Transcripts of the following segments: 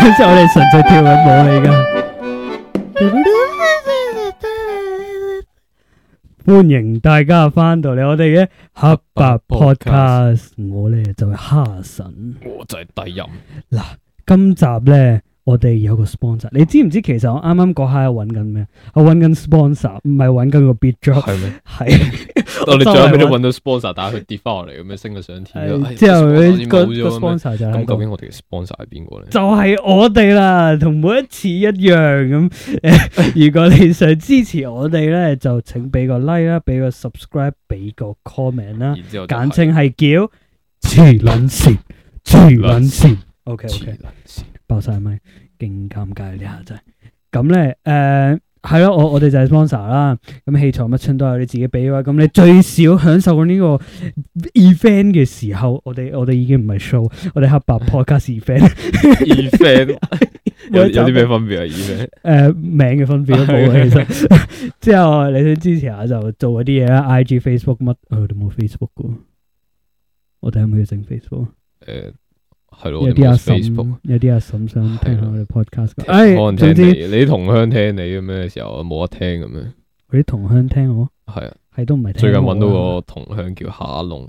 我哋純粹跳緊舞嚟噶， 歡迎大家翻到嚟我哋嘅黑白 Podcast，Pod 我咧就係、是、哈臣，我就係低音嗱，今集咧。我哋有個 sponsor，你知唔知？其實我啱啱嗰下揾緊咩？我揾緊 sponsor，唔係揾緊個 bit job。係咩？係我哋最後屘都揾到 sponsor，打係佢跌翻落嚟咁樣升咗上天。之後個 sponsor 就咁，究竟我哋嘅 sponsor 係邊個咧？就係我哋啦，同每一次一樣咁。如果你想支持我哋咧，就請俾個 like 啦，俾個 subscribe，俾個 comment 啦，簡稱係叫黐卵線，黐卵線，OK OK。爆晒咪，勁尷尬呢下真係。咁咧，誒，係咯，我我哋就係 sponsor 啦。咁器材乜春都係，你自己俾嘅話，咁你最少享受過呢個 event 嘅時候，我哋我哋已經唔係 show，我哋黑白 podcast fan event 有 有啲咩分別啊？event？誒、 呃，名嘅分別都冇啊， 其實。之後你想支持下就做一啲嘢啦，IG、Facebook 乜都冇，Facebook、哎、個。我哋係咪要整 Facebook？誒。係咯，有啲阿嬸，有啲阿嬸想聽下我哋 podcast。哎，總之你同鄉聽你咁咩嘅時候，冇得聽咁樣。佢啲同鄉聽我？係啊，係都唔係。最近搵到個同鄉叫哈窿，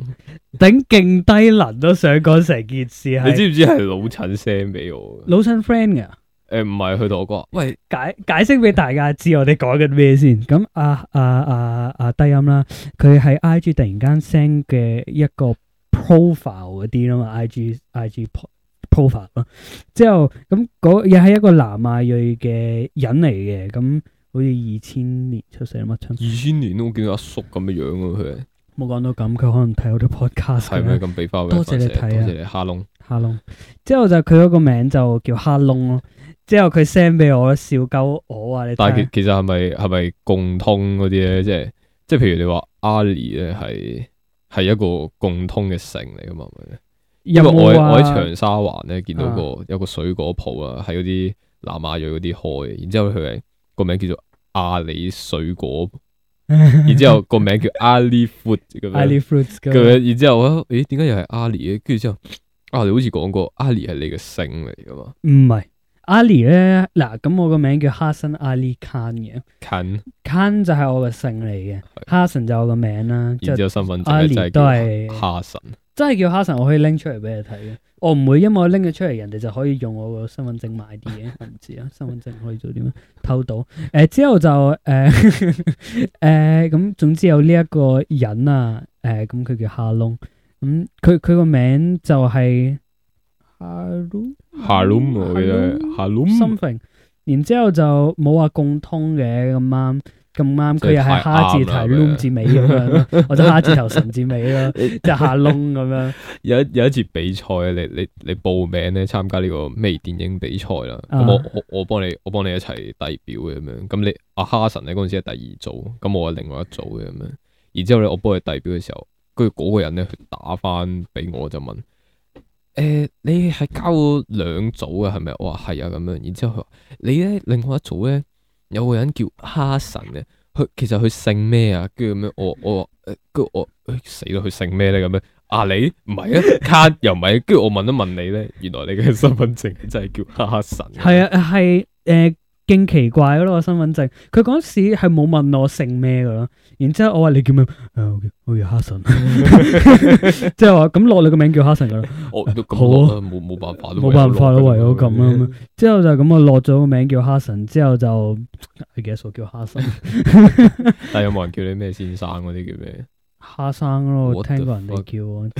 頂勁低能都想講成件事。你知唔知係老陳 send 俾我？老陳 friend 噶？誒，唔係佢同我講。喂，解解釋俾大家知我哋講緊咩先？咁阿阿阿阿低音啦，佢喺 IG 突然間 send 嘅一個。profile 嗰啲啦嘛，IG IG profile 咯，之後咁嗰又係一個南亞裔嘅人嚟嘅，咁好似二千年出世乜春？二千年都我見到阿叔咁嘅樣咯，啊，佢冇講到咁，佢可能睇好多 podcast。係咪咁俾翻？多謝你睇，正你啊，多謝你哈窿。哈窿，之後就佢嗰個名就叫哈窿咯，之後佢 send 俾我笑鳩我啊，你但係其，其實係咪係咪共通嗰啲咧？即係即係，譬如你話 Ali 咧係。係一個共通嘅姓嚟噶嘛，因為我因為我喺長沙灣咧見到個有個水果鋪啊，係嗰啲南亞裔嗰啲開，然之後佢係，個名叫做阿里水果， 然之後個名叫阿里 food 咁 樣，然之後咧，咦點解又係阿里嘅？跟住之後，啊你好似講過阿里係你嘅姓嚟噶嘛？唔係。Ali 咧嗱，咁我個名叫哈臣 Ali Khan 嘅，Khan Khan 就係我嘅姓嚟嘅，哈臣對就我嘅名啦。然之後身份證係真係叫哈臣，對真係叫哈臣，我可以拎出嚟俾你睇嘅。我唔會，因為我拎咗出嚟，人哋就可以用我嘅身份證買啲嘢，我唔 知啊。身份證可以做啲咩？偷到誒、呃，之後就誒誒，咁、呃呃、總之有呢一個人啊，誒、呃，咁、呃、佢叫哈窿，咁佢佢個名就係、是。哈窿，哈窿嚟嘅，哈窿。something 然之後就冇話共通嘅咁啱，咁啱佢又係哈字頭窿字尾咁樣，我就哈字頭神字尾咯，即係哈窿咁樣。有一有一次比賽，你你你報名咧參加呢個咩電影比賽啦，咁、uh, 我我，我，我幫你我幫你一齊遞表嘅咁樣，咁你阿、啊、哈神咧嗰陣時係第二組，咁我係另外一組嘅咁樣，然之後咧我幫你遞表嘅時候，跟住嗰個人咧打翻俾我就問。誒、呃，你係交兩組嘅係咪？我話係啊，咁樣。然之後佢話你咧，另外一組咧，有個人叫哈臣嘅，佢其實佢姓咩啊？跟住咁樣，我我誒，跟住我死啦，佢姓咩咧？咁樣啊，你唔係啊，卡又唔係，啊。跟住 我問一問你咧，原來你嘅身份證真係叫哈臣。係啊，係誒、啊。勁奇怪咯個身份證，佢嗰時係冇問我姓咩噶咯，然之後我話你叫咩？哎，我叫哈臣即係話咁落你個名叫哈臣 噶啦。哦，好啊，冇冇辦法冇辦法咯，唯有咁啊。之後就咁我落咗個名叫哈臣 之 後就你幾多歲叫哈臣 但有冇人叫你咩先生嗰啲叫咩？哈臣咯，我聽過人哋叫，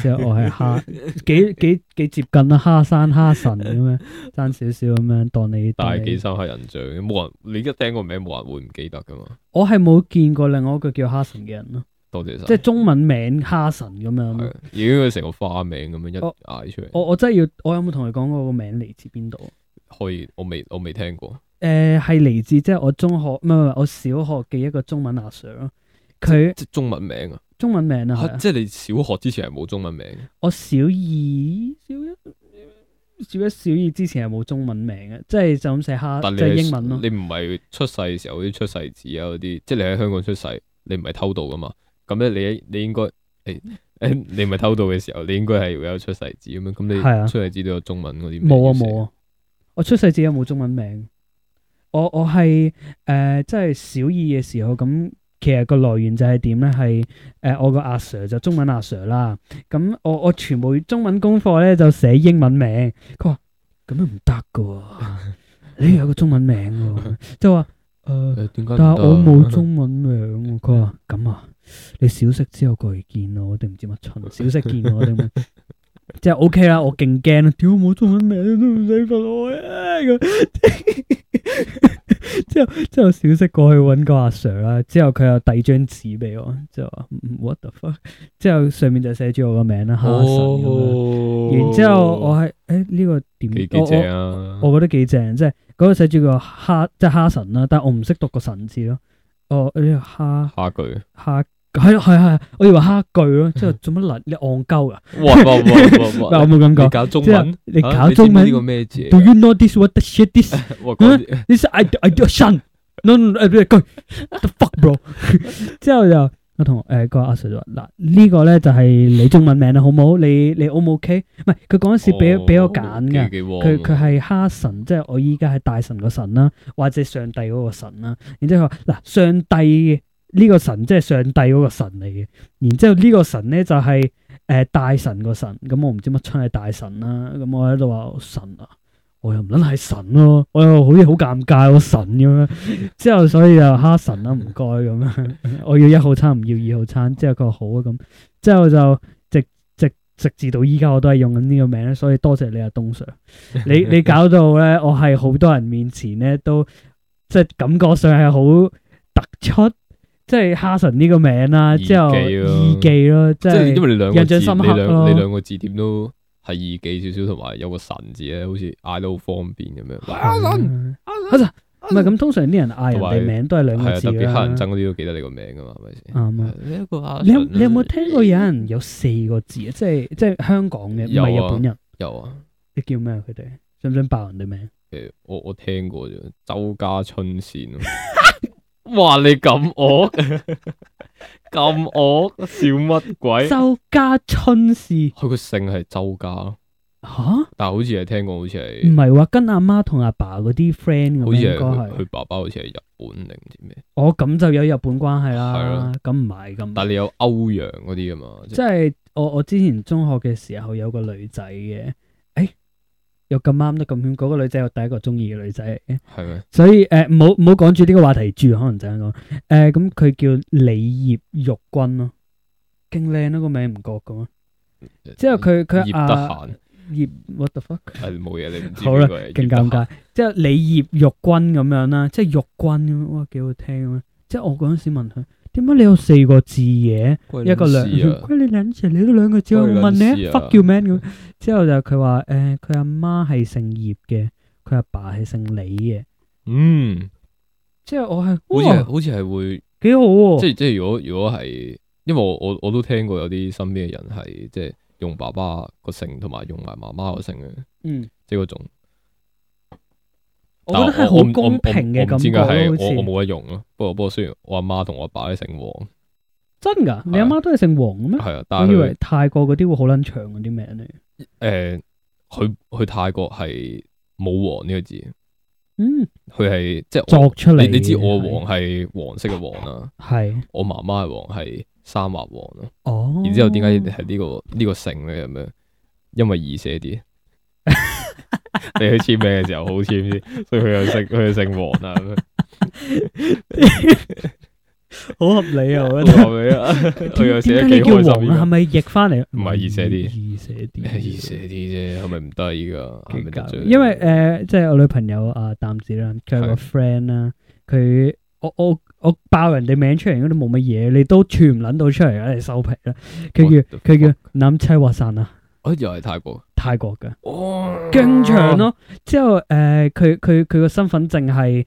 即係我係哈幾幾幾接近啊，哈臣哈神咁樣爭少少咁樣，當你大幾身係人像，冇人你而家聽個名，冇人會唔記得噶嘛？我係冇見過另外一個叫哈神嘅人咯，多謝晒，即係中文名哈神咁樣，已經佢成個花名咁樣一嗌出嚟。我我真係要，我有冇同你講過個名嚟自邊度？可以，我未我未聽過。誒，係嚟自即係我中學唔係唔係我小學嘅一個中文阿 Sir 咯，佢即係中文名啊。中文名啊，啊啊即係你小學之前係冇中文名。我小二、小一、小一、小二之前係冇中文名嘅，即係就咁寫下即係英文咯、啊。你唔係出世嘅時候嗰啲出世紙啊嗰啲，即係你喺香港出世，你唔係偷渡噶嘛？咁咧你你應該誒誒，你唔係偷渡嘅時候， 你應該係會有出世紙咁樣。咁你出世紙都有中文嗰啲冇啊冇啊，啊，我出世紙有冇中文名？我我係誒，即、呃、係、就係、小二嘅時候咁。其實個來源就係點咧？係誒、呃、我個阿 Sir 就中文阿 Sir 啦。咁、嗯、我我全部中文功課咧就寫英文名。佢話：咁樣唔得噶喎，你、哎、有個中文名喎、啊。就話誒，呃哎、點解、但係我冇中文名。佢話：咁啊，你小息之後過嚟見我定唔知乜春？小息見我定乜？ 就 OK 啦，我勁驚，屌冇中文名都唔使訓我啊！咁、這個、 之後之後小息過去搵個阿 Sir 啦，之後佢又遞張紙俾我，就話 What the fuck？之後上面就寫住我個名啦，哈神，哦哦哦哦，然後之後我係誒呢個點、啊？我我覺得幾正，即係嗰個寫住個哈，即係哈神啦，但我唔識讀個神字咯。哦，呢個哈。哈句。哈。係係係，我以為蝦句咯，即係做乜爛你戇鳩噶？唔冇咁講，你搞中文，啊、你搞中文呢個咩字 Do you notice know what the shit is? s h i s is？呢個係 s 神，no no no go the fuck bro！之後就我同我誒個阿 Sir 話：嗱呢個咧就係、是、你中文名啦，好唔好？你你 O 唔 OK？唔係佢嗰陣時俾俾、哦、我揀嘅，佢佢係哈神， 即係我依家係大神個神啦，或者上帝嗰個神啦。然之後佢話嗱，上帝，呢個神即係上帝嗰個神嚟嘅，然之後呢個神咧就係、是、誒、呃、大神個神，咁、嗯、我唔知乜春係大神啦、啊，咁、嗯、我喺度話神啊，我又唔諗係神咯、啊，我又好似好尷尬、個神咁、啊、樣，之後所以就哈神啦、啊，唔該咁樣，我要一號餐唔要二號餐，之後佢話好啊咁，之後就直直，直直至到依家我都係用緊呢個名，所以多謝你啊，東 sir， 你你搞到咧，我係好多人面前咧都即係感覺上係好突出。即係哈臣呢個名啦，之後易記咯，即係因為你兩個字，你兩你兩個字點都係易記少少，同埋有個臣字咧，好似嗌都好方便咁樣。哈臣，唔係咁通常啲人嗌人哋名都係兩個字嘅，係啊，特別黑人憎嗰啲都記得你個名噶嘛，係咪先？你有冇聽過有人有四個字啊？即係即係香港嘅，唔係日本人。有啊，你叫咩？佢哋想唔想爆人哋名？誒，我我聽過周家春善。哇！你咁惡，咁惡， 笑乜鬼？周家春事是佢個姓係周家咯。吓蛤？但係好似係聽過，好似係唔係話跟阿媽同阿爸嗰啲 friend。好似係佢爸爸，好似係日本定唔知咩？我咁、哦、就有日本關係啦。係啦的，咁唔係咁。但係你有歐陽嗰啲噶嘛？就是、即係我我之前中學嘅時候有個女仔嘅。又咁啱得咁巧，嗰、那個女仔我第一個中意嘅女仔，係咪嗎？所以誒，唔好唔好講住呢個話題住，可能就係咁。誒、呃，咁佢叫李葉玉君咯，勁靚咯個名唔覺嘅嘛。之、嗯、後佢佢阿葉 what the fuck 係冇嘢，你唔知好啦，勁尷尬。即係李葉玉君咁樣啦，即係玉君咁樣哇，幾好聽咁樣。即係我嗰陣時問佢。點解你有四個字嘢？啊、一個兩字，虧你兩字，你都兩個字，我問你、啊、fuck you man 咁，之後就佢話誒，佢阿媽係姓葉嘅，佢阿爸係姓李嘅。嗯，即係我係，好似哇好似係會幾好、啊即。即係即係如果如果係，因為我我我都聽過有啲身邊嘅人係即係用爸爸個姓同埋用埋媽媽個姓嘅。嗯，即係嗰種。我覺得係好公平嘅感覺，好似我冇得用咯。不過不過雖然我阿媽同我阿爸都姓黃，真噶？你阿媽都係姓黃咩？係啊，但係以為泰國嗰啲會好捻長嗰啲名咧。誒，去去泰國係冇黃呢個字。嗯。佢係即係作出嚟，你知我黃係黃色嘅黃啦。係。我媽媽嘅黃係三伯黃咯。哦。然之後點解係呢個呢個姓咧咁樣？因為易寫啲。你去簽名嘅時候好簽先，所以佢又姓佢又姓黃啊，好合理啊！點點解你叫黃啊？係咪譯翻嚟？唔係易寫啲，易寫啲易寫啲啫，係咪唔得依個？因為誒，即係我女朋友啊，淡紫啦，佢係個 friend 啦，佢我我我爆人哋名出嚟嗰啲冇乜嘢，你都串唔撚到出嚟啊！你收皮啦，佢叫佢叫諗車臥散啊！哦，又係泰國。泰國噶，梗長咯，之後誒，佢佢佢個身份證係，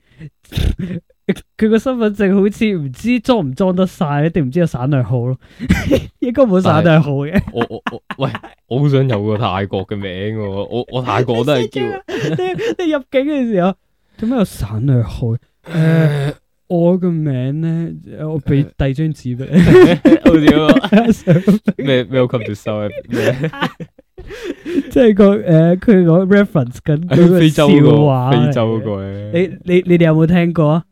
佢個身份證好似唔知裝唔裝得曬，定唔知有省略號咯，應該冇省略號嘅。我我我，喂，我好想有個泰國嘅名，我我泰國都係叫，你你入境嘅時候，做咩有省略號？誒，我個名咧，我俾第二張紙俾你，好笑，咩咩，welcome to show 咩？即係、 呃、個誒，佢講 reference 緊，非洲、嗰個，的非洲個你你你哋有冇聽過啊？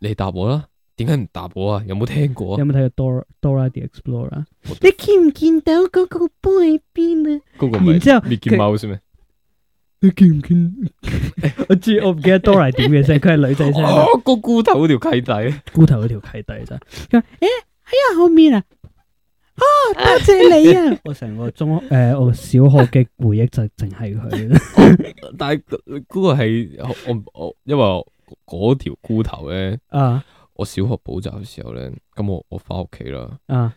你答我啦，點解唔答我啊？有冇聽過？有冇睇過，過 Dora Dora the Explorer？< 我的 S 3> 你見唔見到嗰個 boy 邊啊？高個咪，咪見貓先咩？你見唔見？ 我知我唔記得 Dora 點嘅聲，佢係女仔聲。啊、哦，菇、哦、個頭嗰條契弟，菇頭嗰條契弟咋？佢 話、欸：誒，哎呀，好面啊！啊！多謝，謝你啊！ 我成個中誒、呃，我小學嘅回憶就淨係佢。 但係嗰個係我我，因為嗰條箍頭咧，啊！我小學補習嘅時候咧，咁我我翻屋企啦，啊！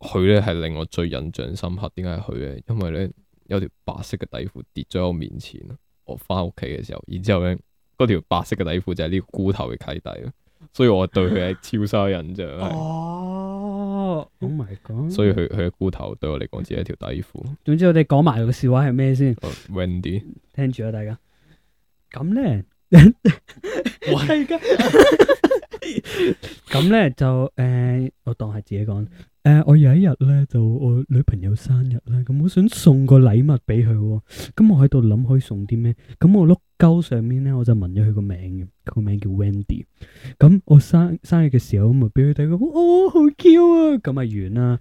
佢咧係令我最印象深刻，點解係佢咧？因為咧有條白色嘅底褲跌咗喺我面前，我翻屋企嘅時候，然之後咧嗰條白色嘅底褲就係呢個箍頭嘅契底，所以我對佢係超生印象。啊、是哦。Oh my God，所以佢佢嘅菇頭對我嚟講只係一條底褲。總之我哋講埋個笑話係咩先？Wendy，聽住啊，大家係噶，咁咧就誒，我當係自己講。誒，我有一日咧就我女朋友生日啦，咁我想送個禮物俾佢。咁我喺度諗可以送啲咩？咁我碌鳩上面咧，我就紋咗佢個名嘅，個名叫 Wendy。咁我生生日嘅時候咁啊，俾佢睇，佢哦好 Q 啊。咁啊完啦，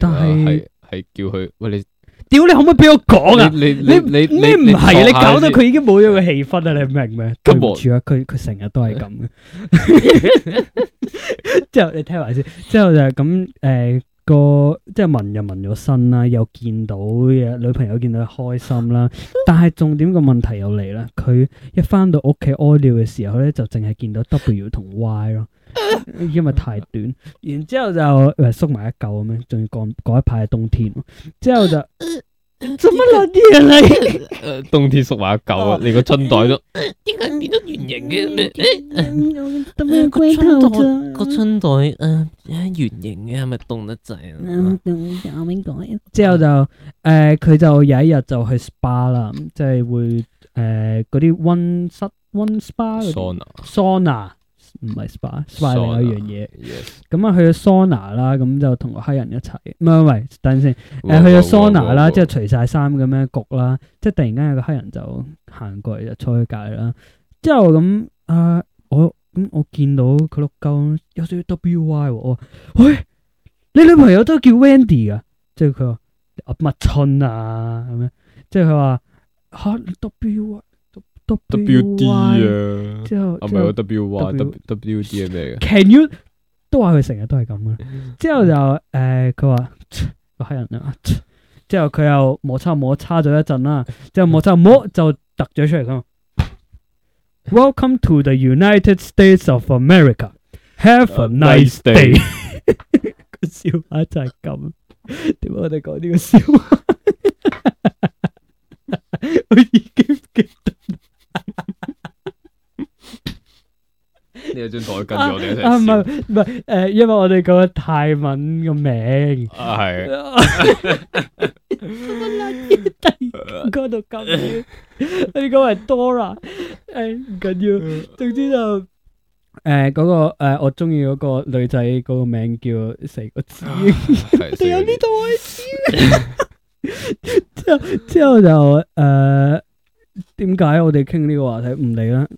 但係係叫佢喂，你。屌，你可唔可以俾我講啊？你你你咩唔係？你搞到佢已經冇咗個氣氛啦。你明唔明？跟住啊，佢佢成日都係咁嘅。之後你聽埋先，之後就係咁誒，個即係聞又聞咗身啦，又見到嘢，女朋友見到佢開心啦。但係重點個問題又嚟啦，佢一翻到屋企屙尿嘅時候咧，就淨係見到 W 同 Y 咯。因為太短，然之後就縮埋一嚿咁樣，仲要改一排係冬天，之後就，做乜諗啲嘢嚟？冬天縮埋一嚿啊，你個春袋都點解變咗圓形嘅？個春袋個春袋，誒，圓形嘅係咪凍得滯啊？之 後就誒，佢、呃、就有一日就去 spa 啦，即係會誒啲温室温 spa sauna sauna 唔係 spa，spa 另一樣嘢。咁啊 sona，yes. 嗯，去咗 sona 啦，咁就同個黑人一齊。唔係唔係，等陣先。誒、呃，去咗 sona 啦，即係除晒衫咁樣焗啦，即係突然間有個黑人就行過嚟就坐佢隔籬啦。之後咁、嗯、啊，我咁、嗯、我見到佢碌鳩有少少 wy 喎。喂、哎，你女朋友都叫 Wendy 㗎？即係佢話乜春啊咁樣。即係佢話吓 wy WD 啊，啊唔係喎，WD，WWDM 嚟嘅。Can you 都話佢成日都係咁嘅，之後就誒，佢話個黑人啊，之後佢又摩擦摩擦咗一陣啦，之後摩擦摩就突咗出嚟咁。Welcome to the United States of America。Have a nice day。個笑話就係咁，點解我哋講呢個笑話？哈哈哈哈哈哈！我而家 keep keep。你一樽袋跟住我哋唔係唔係，誒、啊啊呃，因為我哋講個泰文個名。係、啊。 我拉住地，講到咁樣，你講誒，唔緊要，總之就，誒、呃，嗰、那個誒、呃，我中意嗰個女仔嗰、那個名叫四個字。我哋有呢多字？之後之後就誒，點、呃、解我哋傾呢個話題唔理啦。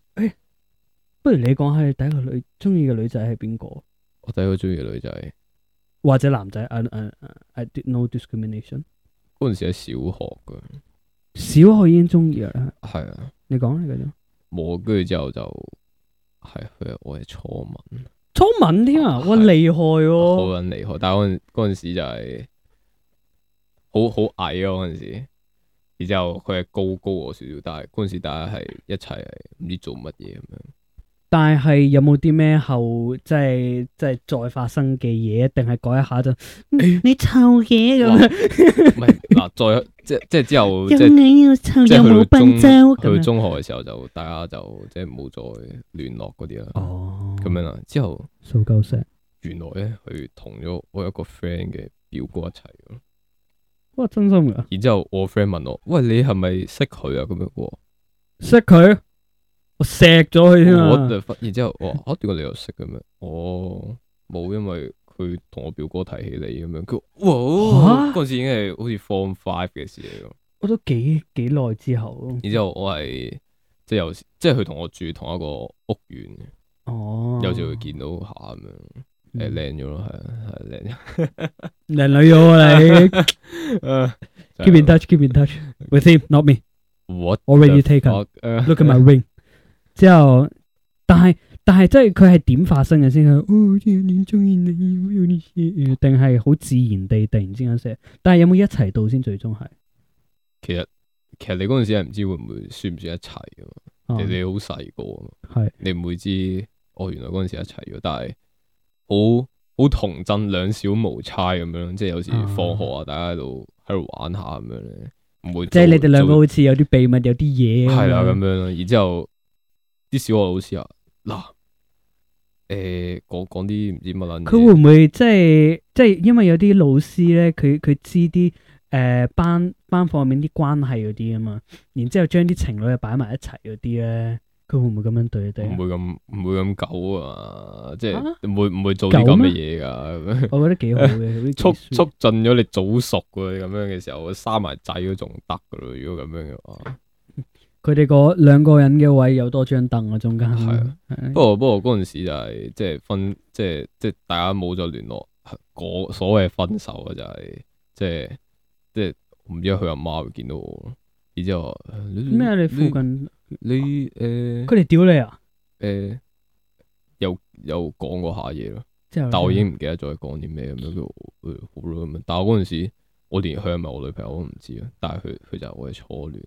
不如你講下你第一個女中意嘅女仔係邊個？我第一個中意嘅女仔或者男仔？I, I, I did no discrimination。嗰陣時喺小學嘅，小學已經中意啦。係啊，你講你繼續。冇，跟住之後就係佢我係初吻，初吻添啊！哇，厲是害哦、啊。好捻厲害，但係嗰陣時就係好好矮啊！嗰陣時，然之後佢係高高我少少，但係嗰陣時大家係一齊，唔知做乜嘢咁樣。但係有冇啲咩後即係即係再發生嘅嘢，定係改一下就、哎、呀你臭嘢咁？唔係嗱，再即即係之後 即係冇中有有笨去中學嘅時候就大家就即係冇再聯絡嗰啲啦。哦，咁樣啦，之後掃鳩聲，原來咧佢同咗我一個 friend 嘅表哥一齊咯。哇，真心噶！然之後我 friend 問我：喂，你係咪識佢啊？咁樣，識佢。我錫咗佢添啊！我就忽然之後，哇！點解你又識嘅咩？哦，冇，因為佢同我表哥提起你咁樣，佢話哇，嗰陣時已經係好似 Form Five 嘅事嚟咯。我都幾幾耐之後咯。然之後我係即係有，即係佢同我住同一個屋苑嘅。哦，有時會見到下咁樣，誒靚咗咯，係係靚，靚女咗你。Keep in touch, keep in touch with him, not me. What? Already taken. Look at my ring. 之後，但係但係即係佢係點發生嘅先，哦？我好似有中意你，我有啲事，定係好自然地突然之間寫？但係有冇一齊到先？最終係其實其實你嗰陣時係唔知會唔會算唔算一齊啊？你哋好細個啊，係你唔會知哦，原來嗰陣時一齊嘅，但係好好童真，兩小無猜咁樣，即係有時放學啊，大家喺度，喺度玩下咁樣咧。唔會即係你哋兩個好似有啲秘密，有啲嘢係啦咁樣咯。然之後，然後。啲小學老師啊，嗱、啊，誒、欸，講講啲唔知乜撚，佢會唔會即係即係因為有啲老師咧，佢佢知啲誒、呃、班班課入面啲關係嗰啲啊嘛，然之後將啲情侶啊擺埋一齊嗰啲咧，佢會唔會咁樣對你哋？唔會咁唔會咁久啊，久即係唔、啊、會唔會做啲咁嘅嘢噶？我覺得幾好嘅，促促進咗你早熟嘅咁樣嘅時候，生埋仔都仲得噶咯，如果咁樣嘅話。佢哋嗰兩個人嘅位有多張凳啊，中間。係啊，不過不過嗰陣時就係即係分，即係即係大家冇咗聯絡，嗰所謂分手啊就係即係即係唔知佢阿媽會見到我，然之後咩？你附近你誒，佢哋屌你啊？誒、呃，有有講過下嘢咯，但我已經唔記得再講啲咩咁樣。誒好啦咁啊，但係嗰陣時我連佢係咪我女朋友我都唔知啊，但係佢佢就係我嘅初戀。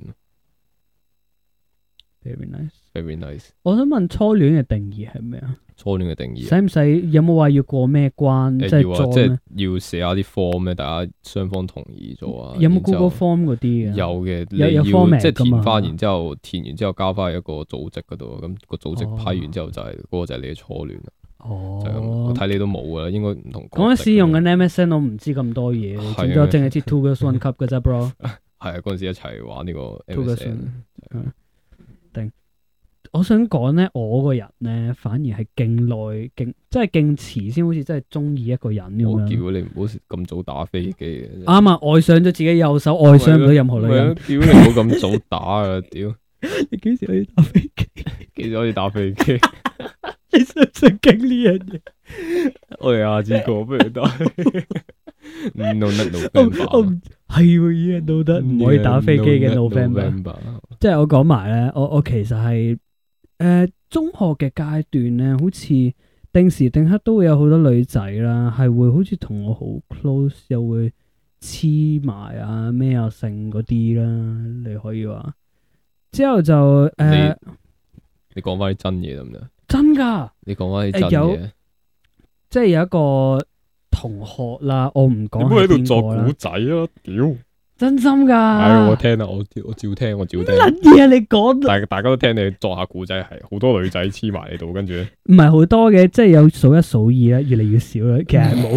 very nice, very nice。我想問初戀嘅定義係咩啊？初戀嘅定義，使唔使有冇話要過咩關？即係要寫下啲 form 咩？大家雙方同意咗啊？有冇 Google form 嗰啲啊？有嘅，有有 form 嘅嘛？即係填翻，然之後填完之後交翻去一個組織嗰度，咁個組織批完之後就係嗰個就係你嘅初戀哦，就咁。我睇你都冇噶啦，應該唔同。嗰陣時用緊 MSN，我唔知咁多嘢，最多整一啲 two girls one cup 啫。嗰隻 pro 係啊，嗰陣時一齊玩呢個我想講咧，我個人咧反而係勁耐勁，即係勁遲先，好似真係中意一個人咁，我叫你唔好咁早打飛機。啱啊、嗯，愛、嗯、上咗自己右手，愛不上唔到任何女人。屌、啊、你唔好咁早打啊！屌、啊， 你幾時可以打飛機？幾時可以打飛機？ 你想正經呢樣嘢？我哋阿志哥不如打唔道德，唔係喎，呢樣道德唔可以打飛機嘅 November 即係我講埋咧，我我，我其實係。誒、呃，中學嘅階段咧，好似定時定刻都會有好多女仔啦，係會好似同我好 close，又會黐埋啊咩啊剩嗰啲啦，你可以話之後就誒、呃，你講翻啲真嘢啦，得唔得真噶的，你講翻啲真嘢、呃，即係有一個同學啦，我唔講，你唔好喺度作古仔啊，屌！真心噶、哎，我聽啦，我我照聽，我照聽。乜嘢啊？你講，大大家都聽你作下古仔，係好多女仔黐埋你度，跟住唔係好多嘅，即係有數一數二啦，越嚟越少啦，其實冇，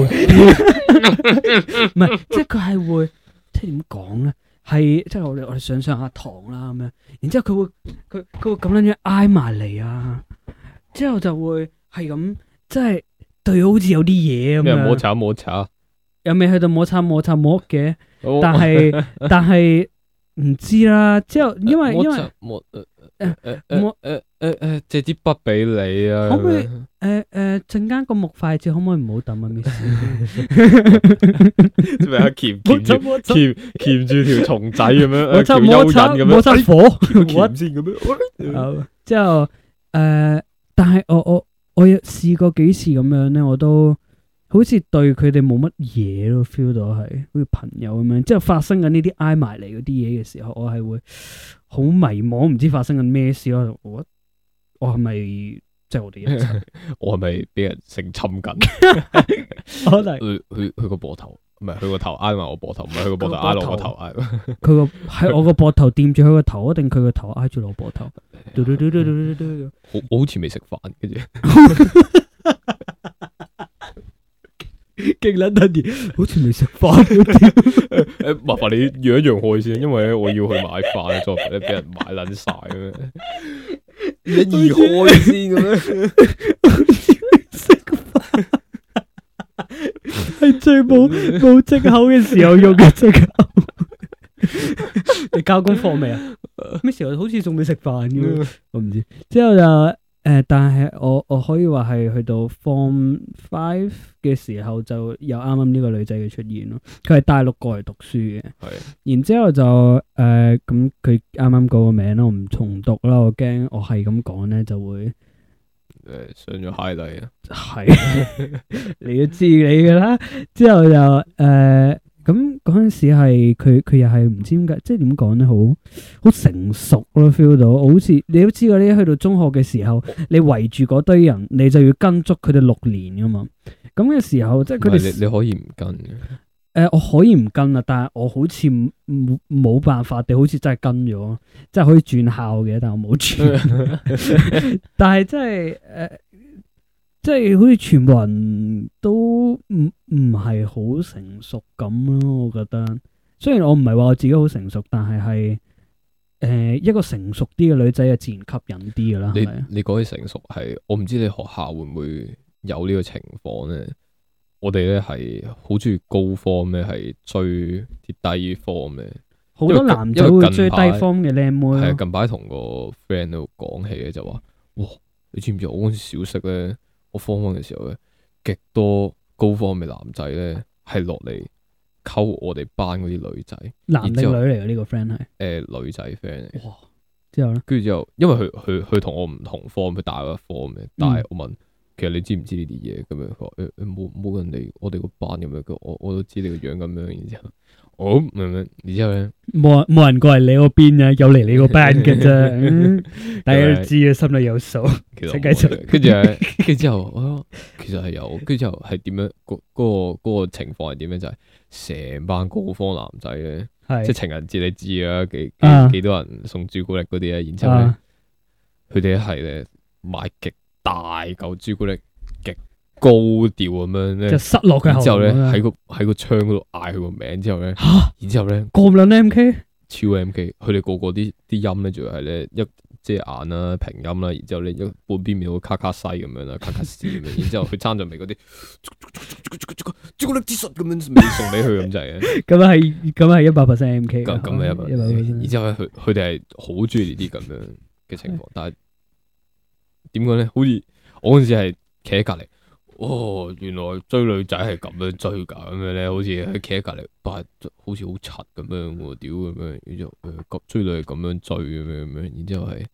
唔係，即係佢係會，即係點講咧？係即係我哋我哋上上下堂啦咁樣，然之後佢會佢佢會咁樣樣挨埋嚟啊，之後就會係咁，即係對好似有啲嘢咁啊，摩擦？摩擦？有未去到摩擦摩擦摩擦嘅，但係但係唔知啦。之後因為因為摩擦摩擦，借支筆俾你啊。可唔可以？誒誒，陣間個木筷子可唔可以唔好抌啊？咩事？做咩？鉗鉗住鉗鉗住條蟲仔咁樣，條蚯蚓咁樣。摩擦火鉗先咁樣。之後誒，但係我我我有試過幾次咁樣咧，我都。好似對佢哋冇乜嘢咯，feel 到係，好似朋友咁樣。即係發生緊呢啲挨埋嚟嗰啲嘢嘅時候，我係會好迷茫，唔知發生緊咩事咯。我覺得我係咪即係我哋一齊？ 我係咪俾人性侵緊？可能佢佢佢個膊頭，唔係佢個頭挨埋我膊頭，唔係佢個膊頭挨落我頭挨。佢個喺我個膊頭掂住佢個頭，定佢個頭挨住我膊頭？我我好似未食飯，跟住。勁撚得意，好似未食飯誒，麻煩你讓一讓開先，因為咧我要去買飯，作唔俾人買撚晒嘅咩？你二 開先咁樣。食飯係最冇冇藉口嘅時候用嘅藉口。 你交功課未啊？咩時候？好似仲未食飯咁樣，我唔知。之後就。誒、呃，但係我我可以話係去到 form five 嘅時候，就有啱啱呢個女仔嘅出現咯。佢係大陸過嚟讀書嘅，然之後就誒，咁佢啱啱嗰個名咧，我唔重讀啦，我驚我係咁講咧就會誒上咗 highlight 啊！係你要知你噶啦，之後就誒。咁嗰陣時係佢佢又係唔知點解，即係點講咧，好好成熟咯、啊，feel 到。我好似你都知道，你去到中學嘅時候，你圍住嗰堆人，你就要跟足佢哋六年噶嘛。咁嘅時候，即係佢哋你可以唔跟嘅。誒、呃，我可以唔跟啦，但係我好似冇冇辦法，你好似真係跟咗，即係可以轉校嘅，但係我冇轉。 但係真係誒。呃即係好似全部人都唔唔係好成熟咁咯，我覺得雖然我唔係話我自己好成熟，但係係誒一個成熟啲嘅女仔啊，自然吸引啲噶啦。你你講起成熟係，我唔知你學校會唔會有呢個情況咧？我哋咧係好中意高 Form 咩，係追低 Form 咩，好多男仔會追低 Form 嘅靚妹。係、啊、近排同個 friend 喺度講起嘅就話，哇！你知唔知我好似小息咧？我科科嘅時候咧，極多高 Form 嘅男仔咧，係落嚟溝我哋班嗰啲女仔。男定女嚟嘅呢個 friend 係？誒，女仔 friend。哇、嗯！之後咧？跟住之後，因為佢佢佢同我唔同 Form，佢大我一 Form 嘅。但係我問，嗯、其實你知唔知呢啲嘢咁樣？誒誒，冇冇人理我哋個班咁樣，我我，我都知你個樣咁樣，然之後。好、哦、明明？然之後冇冇人過嚟你嗰邊嘅，又嚟你個班嘅啫。大家都知啊，是是心裏有數。其實有繼續，跟住，跟住之後，其實係有，跟住之後係點樣？嗰嗰、嗰個、嗰個情況係點樣？就係、是、成班高 Form 男仔嘅，是即係情人節你知啊，幾幾，幾，幾多人送朱古力嗰啲啊，然之後佢哋係咧買極大嚿朱古力。高調咁樣咧，就塞落嘅。之後咧喺個喺個窗嗰度嗌佢個名，之後咧吓，然之後咧過兩 M K 超 M K，佢哋個個啲啲音咧，仲要係咧一隻眼啦，平音啦，然之後一半邊面卡卡西咁樣啦，卡卡斯。然之後佢爭在尾嗰啲，朱古力資訊咁樣，未送俾佢咁就係。咁係咁係一百 percent M K，咁咁係一百 percent。然之後佢哋係好中意呢啲咁樣嘅情況，但係點講咧？好似我嗰時係企喺隔籬。哦，原來追女仔係咁樣追噶，咁樣咧，好似喺企喺隔籬，但係好似好柒咁樣，屌咁樣，然之後誒，咁追女係咁樣追咁樣，然之後係，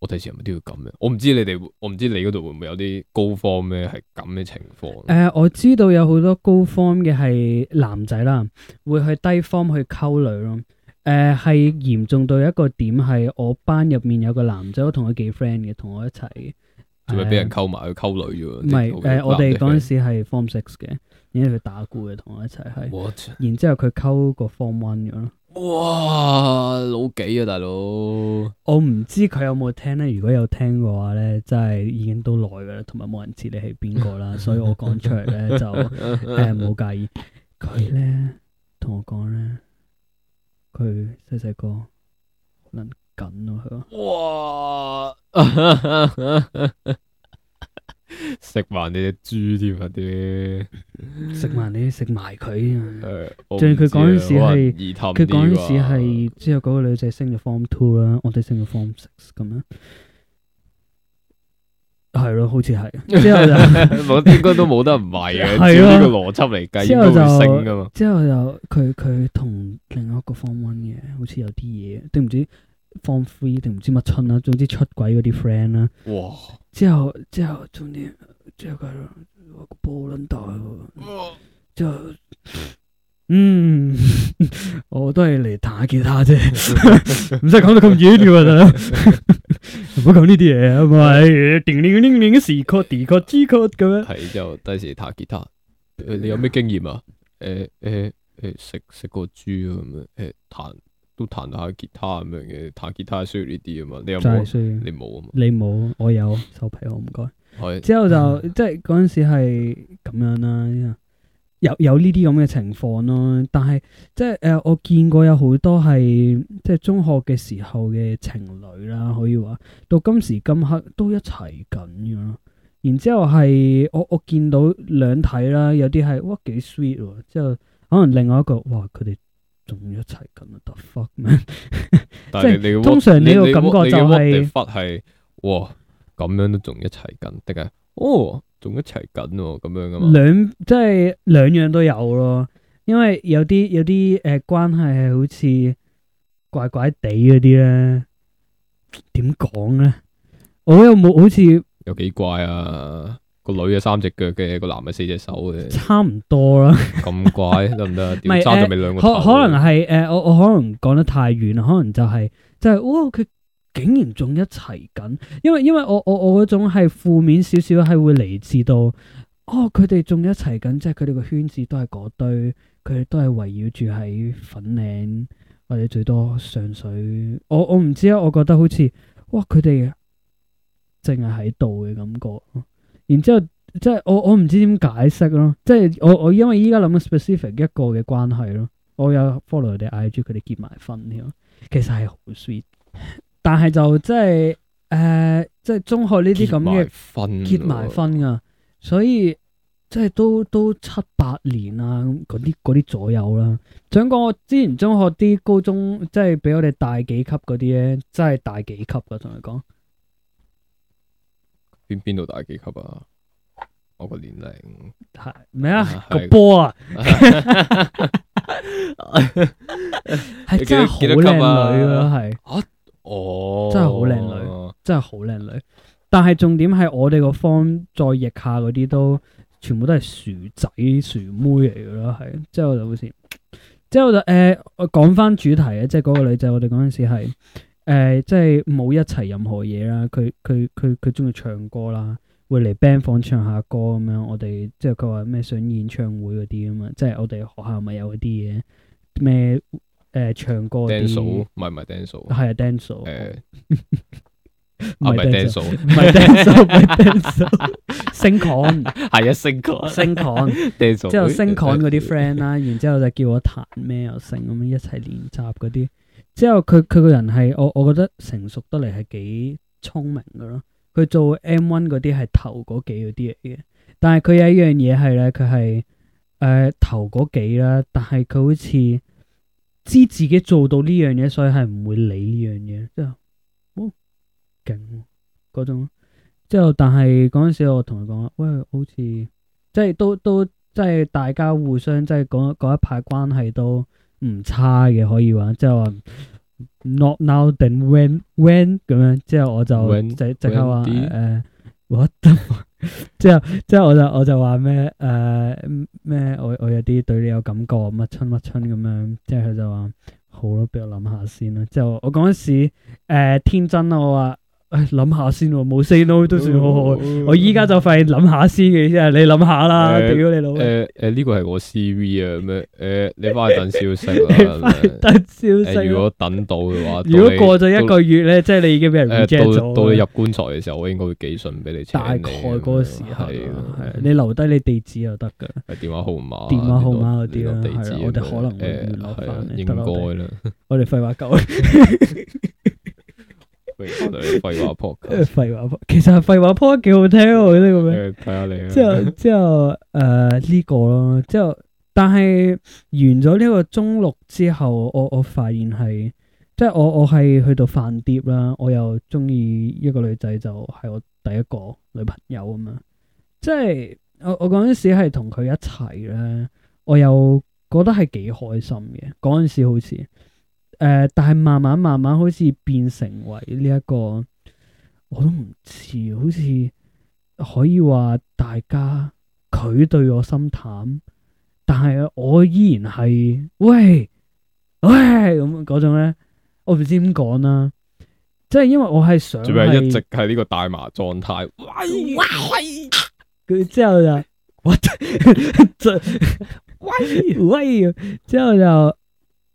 我睇時係咪都要咁樣？我唔知你哋，我唔知你嗰度會唔會有啲高方咩係咁嘅情況。誒、呃，我知道有好多高方嘅係男仔啦，會去低方去溝女咯。誒、呃，係嚴重到一個點係，我班入面有個男仔，我同佢幾 friend 嘅，同我一齊。仲咪俾人溝埋去溝女嘅？唔係，誒、啊，我哋嗰陣時係 form six 嘅，因為佢打鼓嘅，同我一齊係。What？然之後佢溝個 form one 咁咯。哇，老幾啊，大佬！我唔知佢有冇聽咧，如果有聽嘅話咧，真係已經都耐㗎啦，同埋冇人知你係邊個啦， 所以我講出嚟咧就誒唔好、 嗯、介意。佢咧同我講咧，佢細細個能。緊咯，佢哇食埋你隻豬添啊！啲食埋你食埋佢啊，仲要佢嗰陣時係佢嗰陣時係，之後嗰個女仔升咗 Form Two 啦，我哋升咗 Form Six 咁樣係咯，好似係之後就我 應該都冇得唔係嘅，按照呢個邏輯嚟計應該升噶嘛。之後又佢佢同另一個 Form One 嘅，好似有啲嘢都唔知。放飛定唔知乜春啦，總之出軌嗰啲 friend 啦。哇！之後之後仲點？之後佢個布輪袋喎。就嗯， 我都係嚟彈吉他啫，唔使講到咁專業就得啦。唔好講呢啲嘢，係咪？叮鈴鈴鈴，時曲、地曲、枝曲咁樣。係就第時彈吉他，啊、你有咩經驗啊？誒誒誒，食食個豬咁樣誒彈。都彈下吉他咁樣嘅，彈吉他需要呢啲啊嘛。你有冇就係需要，你冇啊嘛。你冇，我有收 皮，我唔該。係以之後就、嗯、即係嗰陣時係咁樣啦，有有呢啲咁嘅情況咯。但係即係誒、呃，我見過有好多係即係中學嘅時候嘅情侶啦，可以話到今時今刻都一齊緊嘅咯。然之後係我我見到兩體啦，有啲係哇幾 sweet，之後可能另外一個哇佢哋。仲一齊緊啊！突忽咩？即係你通常你個感覺就係忽係哇咁樣都仲一齊緊，的啊哦，仲一齊緊喎，咁樣噶嘛？兩即係兩樣都有咯，因為有啲有啲誒、呃、關係係好似怪怪地嗰啲咧，點講咧？我、哦、有冇好似有幾怪啊！個女嘅三隻腳嘅，個男嘅四隻手嘅，差唔多啦。咁 怪得唔得？點、呃、差就咪兩個頭可,可能係誒、呃，我我可能講得太遠可能就係、係，就係、係、哦，佢竟然仲一齊緊。因為因為我我我嗰種係負面少少，係會嚟自到哦，佢哋仲一齊緊，即係佢哋個圈子都係嗰堆，佢哋都係圍繞住喺粉嶺或者最多上水。我我唔知啊，我覺得好似哇，佢哋淨係喺度嘅感覺。然之後即係我我唔知點解釋咯，即係我我因為依家諗緊 specific 一個嘅關係咯，我有 follow 佢哋 I G 佢哋結埋婚添，其實係好 sweet，但係就即係誒即係中學呢啲咁嘅婚結埋婚啊，所以即係都都七八年啦嗰啲嗰啲左右啦，想講我之前中學啲高中即係比我哋大幾級嗰啲咧，真係大幾級噶，同你講。邊邊度打幾級啊？我個年齡係咩啊？個波啊，係真係好靚女咯，係啊，哦，真係好靚女，真係好靚女。但係重點係我哋個 form 再逆下嗰啲都全部都係薯仔薯妹嚟噶咯，係即係我就好似、即係我就、誒，我講翻主題啊，即係嗰個女仔，我哋嗰陣時係。誒、呃，即係冇一齊任何嘢啦。佢佢佢佢中意唱歌啦，會嚟 band 房唱下歌咁樣。我哋即係佢話咩想演唱會嗰啲咁嘛，即係我哋學校咪有嗰啲嘢咩誒唱歌。Dance hall, d a n c e 唔係唔係 d a n c e h a 係啊 d a n c e h 誒，唔係 d a n c e h 唔係 Dancehall，唔係 d a n c e Sing con 係啊 Sing con，Sing con Dance。之後 Sing con 嗰啲 friend 啦，然之後就叫我彈咩又成，咁樣一齊練習嗰啲。之後佢佢個人係我我覺得成熟得嚟，係幾聰明噶咯，佢做 M1 嗰啲係頭嗰幾嗰啲嚟嘅，但係佢有一樣嘢係咧，佢係誒頭嗰幾啦，但係佢好似知自己做到呢樣嘢，所以係唔會理呢樣嘢，之後好、哦、勁嗰、啊、種。之後但係嗰陣時我同佢講，喂，好似即係都都即係大家互相即係嗰一派關係都。唔差嘅可以玩，即係話 not now 定 when when 咁樣，之後我就就 when 即刻話誒，what 即係即係我就我就話咩誒咩，我我有啲對你有感覺，乜春乜春咁樣，即係佢就話好咯，俾我諗下先啦，之後我陣時誒、呃、天真啊，我話。諗下先，冇 say no 都算好好。我依家就快諗下先嘅啫，你諗下啦，屌你老。誒誒，呢個係我 C V 啊，咩？誒，你返去等消息啦，等消息。如果等到嘅話，如果過咗一個月咧，即係你已經俾人 reject 到你入棺材嘅時候，我應該會寄信俾你。大概嗰個時候，你留低你地址就得噶，電話號碼、電話號碼嗰啲地址。我哋可能誒，留返應該啦。我哋廢話夠。廢話坡，廢 其實廢話坡幾好聽喎呢個咩？睇下你之後之後誒呢、呃這個咯，之後但係完咗呢個中六之後，我我發現係即係我我係去到飯碟啦，我又中意一個女仔，就係我第一個女朋友咁嘛。即係我我嗰陣時係同佢一齊咧，我又覺得係幾開心嘅，嗰陣時好似。誒、呃，但係慢慢慢慢好似變成為呢、這、一個，我都唔知，好似可以話大家佢對我心淡，但係我依然係喂喂咁嗰種咧，我唔知點講啦。即係因為我係想是，準備一直喺呢個大麻狀態，喂喂，佢之後就喂喂，之後就。麼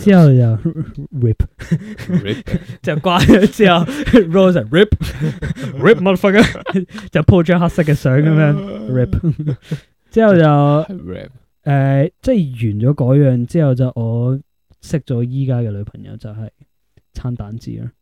之後就 rip, r i p r i p 就掛咗之後 ，rose rip, r i p r i p m o t 就鋪張黑色嘅相咁樣，rip，之後就 r i p 誒、呃，即、就、係、是、完咗嗰樣之後就我識咗依家嘅女朋友就係撐彈子啦，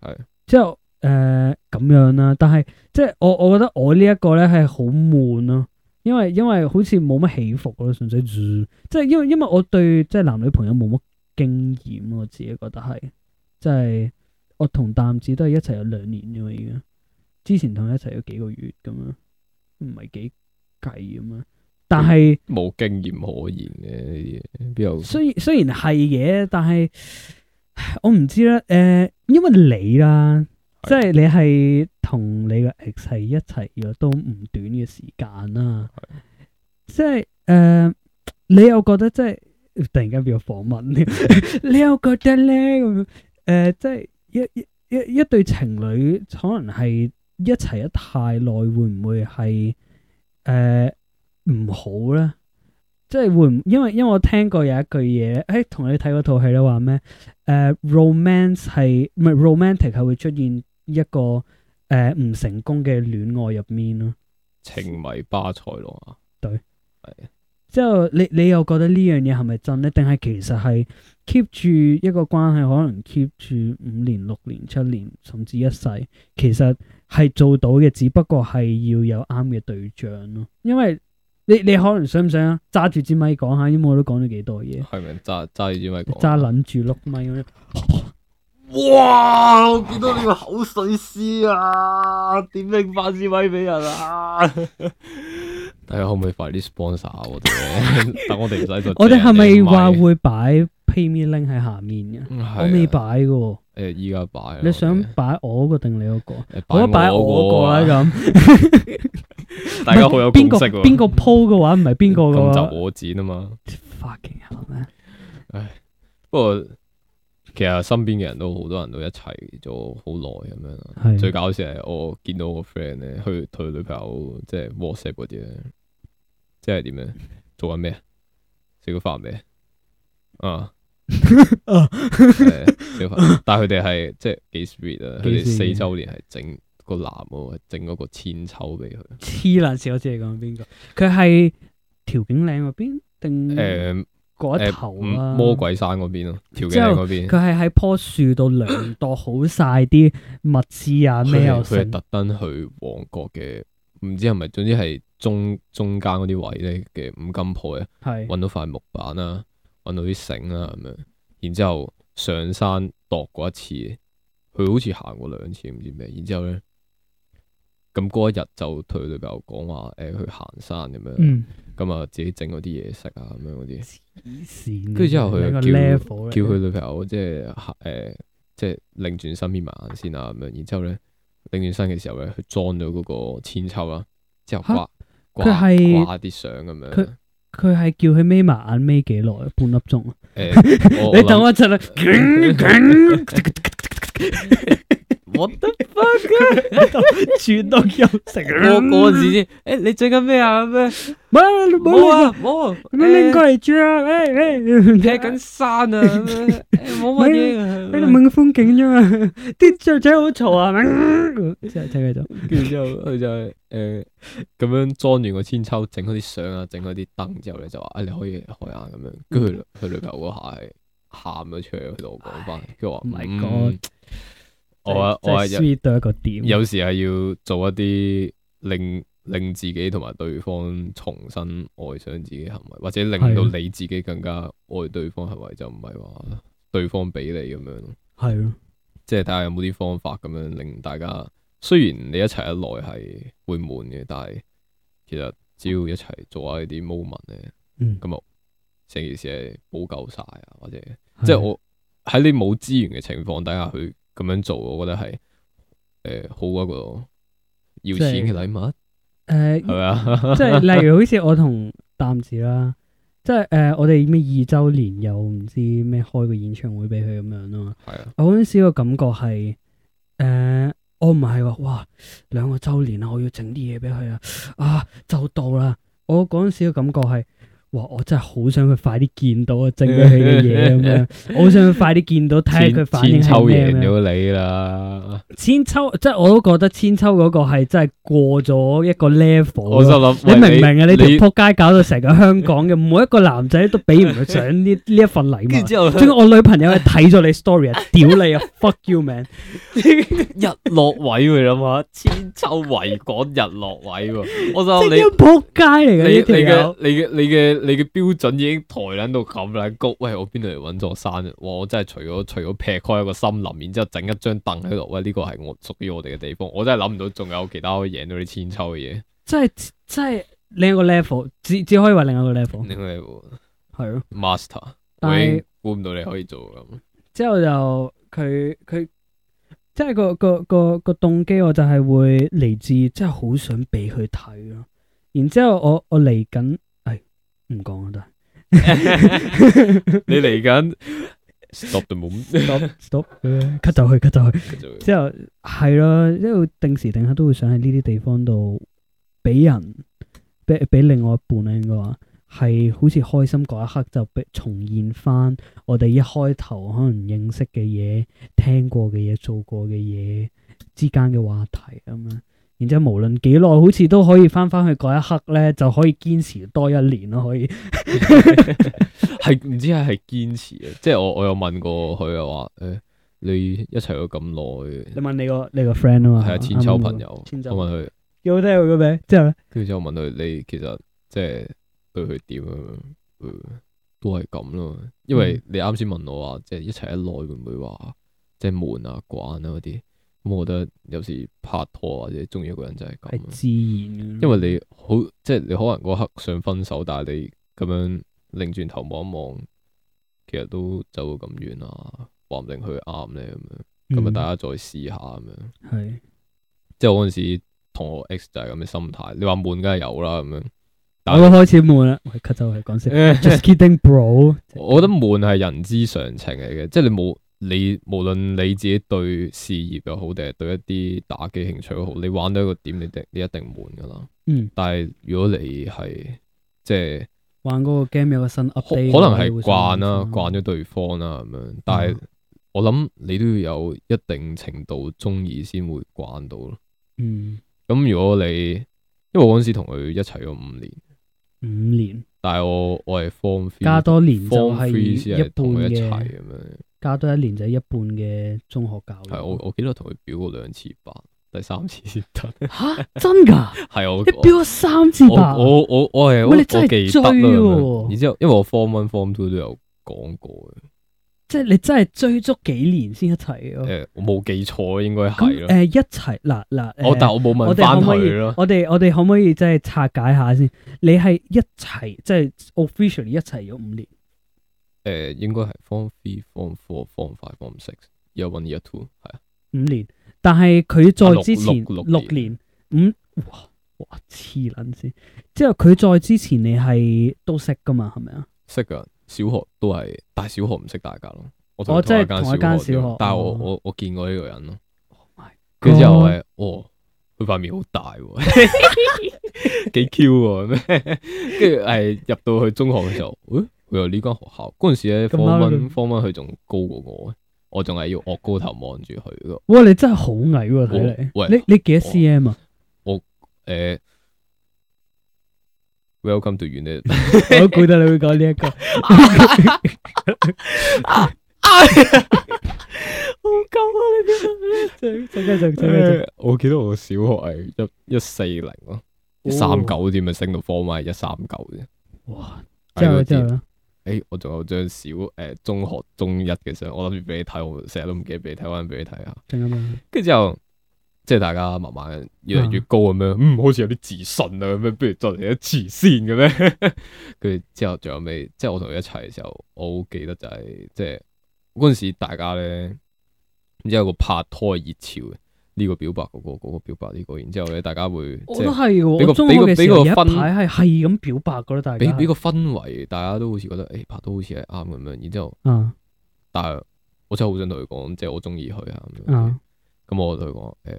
係的，之後誒咁、呃、樣啦、啊，但係即係我我覺得我呢一個咧係好悶咯，因為因為好似冇乜起伏咯、啊，純粹，即、就、係、是、因為因為我對即係男女朋友冇乜。經驗我自己覺得係，即係我同淡紫都係一齊有兩年啫嘛，已經之前同佢一齊咗幾個月咁樣，唔係幾計咁樣，但係冇經驗可言嘅啲嘢，邊有？雖雖然係嘅，但係我唔知啦。誒、呃，因為你啦，的即係你係同你嘅 ex 係一齊咗都唔短嘅時間啦，的即係誒、呃，你又覺得即係？突然間變咗訪問你， 你又覺得咧咁樣？誒、呃，即係一一一一對情侶，可能係一齊得太耐，會唔會係誒唔好咧？即係會唔因為因為我聽過有一句嘢，誒、哎，同你睇嗰套戲咧話咩？誒、呃、，Romance 係唔係 Romantic 係會出現一個誒唔、呃、成功嘅戀愛入面咯？情迷巴塞羅啊？對，係啊。之後你你又覺得呢樣嘢係咪真呢？定係其實係 keep 住一個關係，可能 keep 住五年、六年、七年，甚至一世，其實係做到嘅，只不過係要有啱嘅對象咯。因為你你可能想唔想啊揸住支咪講下？因為我都講咗幾多嘢，係咪揸揸住支咪？揸捻住碌咪咁樣。 哇！我見到你個口水絲啊，點拎返支咪俾人啊！ 睇下可唔可以快啲 sponsor 我啫， 但我哋唔使就。我哋係咪話會擺 payme link 喺下面嘅？的我未擺嘅。誒，依家擺。你想擺我,我,吧我個定你嗰個？我擺我個啦咁。 大家好有共識嘅。邊個鋪嘅話唔係邊個嘅。咁就我剪啊嘛。發嘅人咩、啊？唉，不過其實身邊嘅人都好多人都一齊咗好耐咁樣最搞笑係我見到個 friend 咧，去佢女朋友即係 WhatsApp 嗰啲咧。即係點樣做緊咩啊？食個飯未？啊？食飯，但係佢哋係即係幾 sweet 啊！佢哋四周年係整個男啊，整嗰個千秋俾佢。黐卵小我知你講邊個？佢係條調景嶺嗰邊定誒嗰頭啊、呃呃？魔鬼山嗰邊咯，條調景嶺嗰邊。佢係喺樖樹度量度好晒啲物資啊咩？又佢特登去旺角嘅，唔知係咪？總之係。中中間嗰啲位咧嘅五金鋪啊，揾是到塊木板啦，揾到啲繩啦。咁樣，然之後上山度過一次，佢好似行過兩次唔知咩，然之後咧咁嗰一日就同佢女朋友講話誒去行山咁樣，咁啊、嗯、自己整咗啲嘢食啊咁樣嗰啲，跟住之後佢叫叫佢女朋友即係誒即係擰轉身眯埋眼先啊咁樣，然後之後咧擰、那個呃、轉身嘅時候咧佢裝咗嗰個鞦韆啦，之後刮。佢係掛下啲相咁樣，佢佢係叫佢眯埋眼眯幾耐，半粒鐘啊！你等我一陣啦、啊。 我得 f u c 到休息。我我自己，誒，你最近咩啊？咩冇啊，冇。拎過嚟住啊？誒誒，睇緊山啊，咩？冇乜嘢，喺度望風景啫嘛。啲雀仔好嘈啊，咩？之係睇佢做。跟住之後佢就誒咁樣裝完個千秋，整開啲相啊，整開啲燈之後咧，就話，你可以開啊咁樣。跟住去旅遊嗰下係喊咗出嚟，同我講翻，佢話 My God！我話、啊、我話注意到一個點， 有時係要做一啲令令自己同埋對方重新愛上自己行為，或者令到你自己更加愛對方行為，就唔係話對方俾你咁樣咯。係咯的，即係睇下有冇啲方法咁樣令大家，雖然你一齊一耐係會悶嘅，但係其實只要一齊做下呢啲 moment 咧、嗯，咁啊成件事係補救晒啊，或者的即係我喺你冇資源嘅情況底下去。咁樣做，我覺得係誒、呃、好過一個要錢嘅禮物，誒係啊？呃、是吧 即係例如好似我同淡紫啦， 即係誒、呃、我哋咩二周年又唔知咩開個演唱會俾佢咁樣啊係啊，我嗰陣時個感覺係誒、呃、我唔係話哇兩個周年啊，我要整啲嘢俾佢啊啊就到啦！我嗰陣時嘅感覺係。哇！我真係好想佢快啲見到啊，正氣嘅嘢咁樣，好想佢快啲見到，睇下佢反應。千秋贏咗你啦！千秋，即係我都覺得千秋嗰個係真係過咗一個 level。我就諗，你明唔明啊？你條撲街搞到成個香港嘅每一個男仔都俾唔上呢呢一份禮物。跟住我女朋友係睇咗你 story 啊，屌你啊，fuck you man！日落位你諗下，千秋維港日落位。我就你撲街嚟嘅你你嘅你嘅你嘅標準已經抬捻到咁捻高，喂，我邊度嚟搵座山啊？我真係除咗除咗劈開一個森林，然之後整一張凳喺度，喂，呢個係我屬於我哋嘅地方，我真係諗唔到仲有其他可以贏到你千秋嘅嘢。真係真係另一個 level，只只可以話另一個 level，另一個係咯 master，但估唔到你可以做咁。之後就佢佢即係個個個個動機，我就係會嚟自真係好想俾佢睇咯。然之後我我嚟緊。唔講啦都。你嚟緊 stop stop stop cut 就去 cut 就去。之後係咯，因為定時定刻都會想喺呢啲地方度俾人俾俾另外一半咧，應該話係好似開心嗰一刻就俾重現翻我哋一開頭可能認識嘅嘢、聽過嘅嘢、做過嘅嘢之間嘅話題咁樣。然之後無論幾耐，好似都可以翻翻去嗰一刻咧，就可以堅持多一年咯。可以係唔 知係係堅持嘅，即係我我有問過佢嘅話，誒、哎，你一齊咗咁耐，你問你個你個 friend 啊嘛？係啊，前秋朋友，剛剛我問佢要聽佢嘅咩，即係咩？跟住之後我問佢，你其實即係對佢點？誒、嗯，都係咁咯，因為你啱先問我話，即係一齊一耐會唔會話即係悶啊、慣啊嗰啲。我覺得有時拍拖或者中意一個人就係咁，自然。因為你好，即係你可能嗰刻想分手，但係你咁樣擰轉頭望一望，其實都走到咁遠啦，話唔定佢啱咧咁樣。咁啊、嗯，大家再試下咁樣。係，即係我嗰陣時同我 ex 就係咁嘅心態。你話悶，梗係有啦咁樣。但我開始悶啦，cut 走，講聲 just kidding bro。我覺得悶係人之常情嚟嘅，即係你冇。你無論你自己對事業又好，定係對一啲打機興趣又好，你玩到一個點，你定你一定悶噶啦。嗯，但係如果你係即係玩嗰個 game 有個新 update，可能係慣啦，慣咗對方啦咁樣。但係、嗯、我諗你都要有一定程度中意先會慣到咯。嗯，咁如果你因為我嗰陣時同佢一齊咗五年，五年，但係我我係 form three 加多年就係同佢一齊咁樣。加多一年就係、一半嘅中學教育。係我，我記得同佢表過兩次白，第三次先得。吓真㗎？係 我、嗰個、你表咗三次白。我我我係我、啊、我記得咯。然之後因為我 form one form two 都有講過嘅。即係你真係追足幾年先一齊咯、啊？誒、呃，我冇記錯應該係誒，一齊嗱嗱，我但係我冇問翻佢咯。我哋我哋可唔可以即係拆解下先？你係一齊即係 officially 一齊咗、就是、五年。誒，應該係 form three、form four、form five、form six，year one、year two，係啊，五年。但係佢再之前六、啊、年，年，嗯，哇哇，黐捻線。之後佢再之前，你係都識噶嘛？係咪啊？識噶，小學都係，但係小學唔識大家咯。我我真係同一間小，小學，但係我我我見過呢個人咯。跟住之後誒，哦，佢塊面好大、啊，幾 Q，跟住係入到去中學嘅時候，啊佢又呢間學校嗰陣時咧 form one form one 佢仲高過我，我仲係要臥高頭望住佢咯。哇！你真係好矮喎，睇你。你你幾多 cm 啊？我誒，Welcome to Unit。我估得你會講呢一個，好搞啊！你真真係真真係，我記得我小學係一一四零咯，一三九點咪升到 form one 一三九啫。哇！真誒、欸，我仲有張小誒、呃、中學中一嘅相，我諗住俾你睇，我成日都唔記得俾你睇，搵翻俾你睇下。正啊嘛，跟住之後即係大家慢慢越嚟越高咁樣，啊、嗯，好似有啲自信啊咁樣，不如再嚟一次先嘅咩？跟住之後仲有未？即係我同佢一齊嘅時候，我好記得就係、是、即係嗰陣時大家咧，有一個拍拖熱潮。呢個表白嗰個個表白呢個，然之後咧，大家會，我都係，我中意係係咁表白噶咯，大家。但係俾俾個氛圍，大家都好似覺得誒，拍到好似係啱咁樣。然之後，但係我真係好想同佢講，即係我中意佢啊咁樣。嗯，咁我同佢講，誒，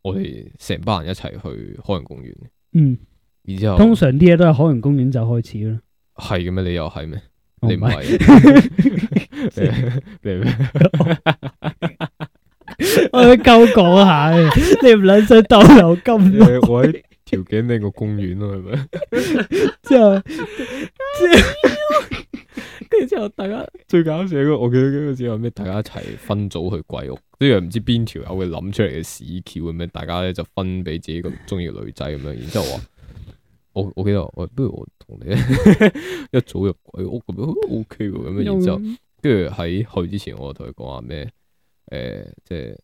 我哋成班人一齊去海洋公園。嗯，然之後通常啲嘢都係海洋公園就開始啦。係嘅咩？你又係咩？你唔係？ 我哋夠講下你唔捻想斗油金？我我喺條頸拎個公園咯，係咪 之後，之後，跟住之後，大家 最搞笑嘅，我記得嗰次話咩？大家一齊分組去鬼屋，跟住唔知邊條友會諗出嚟嘅屎橋咁樣，大家咧就分俾自己咁中意女仔咁樣。然之後我我記得我、哎、不如我同你 一組入鬼屋，咁樣 O K 嘅咁樣。然之後跟住喺去之前，我又同佢講話咩？誒，即係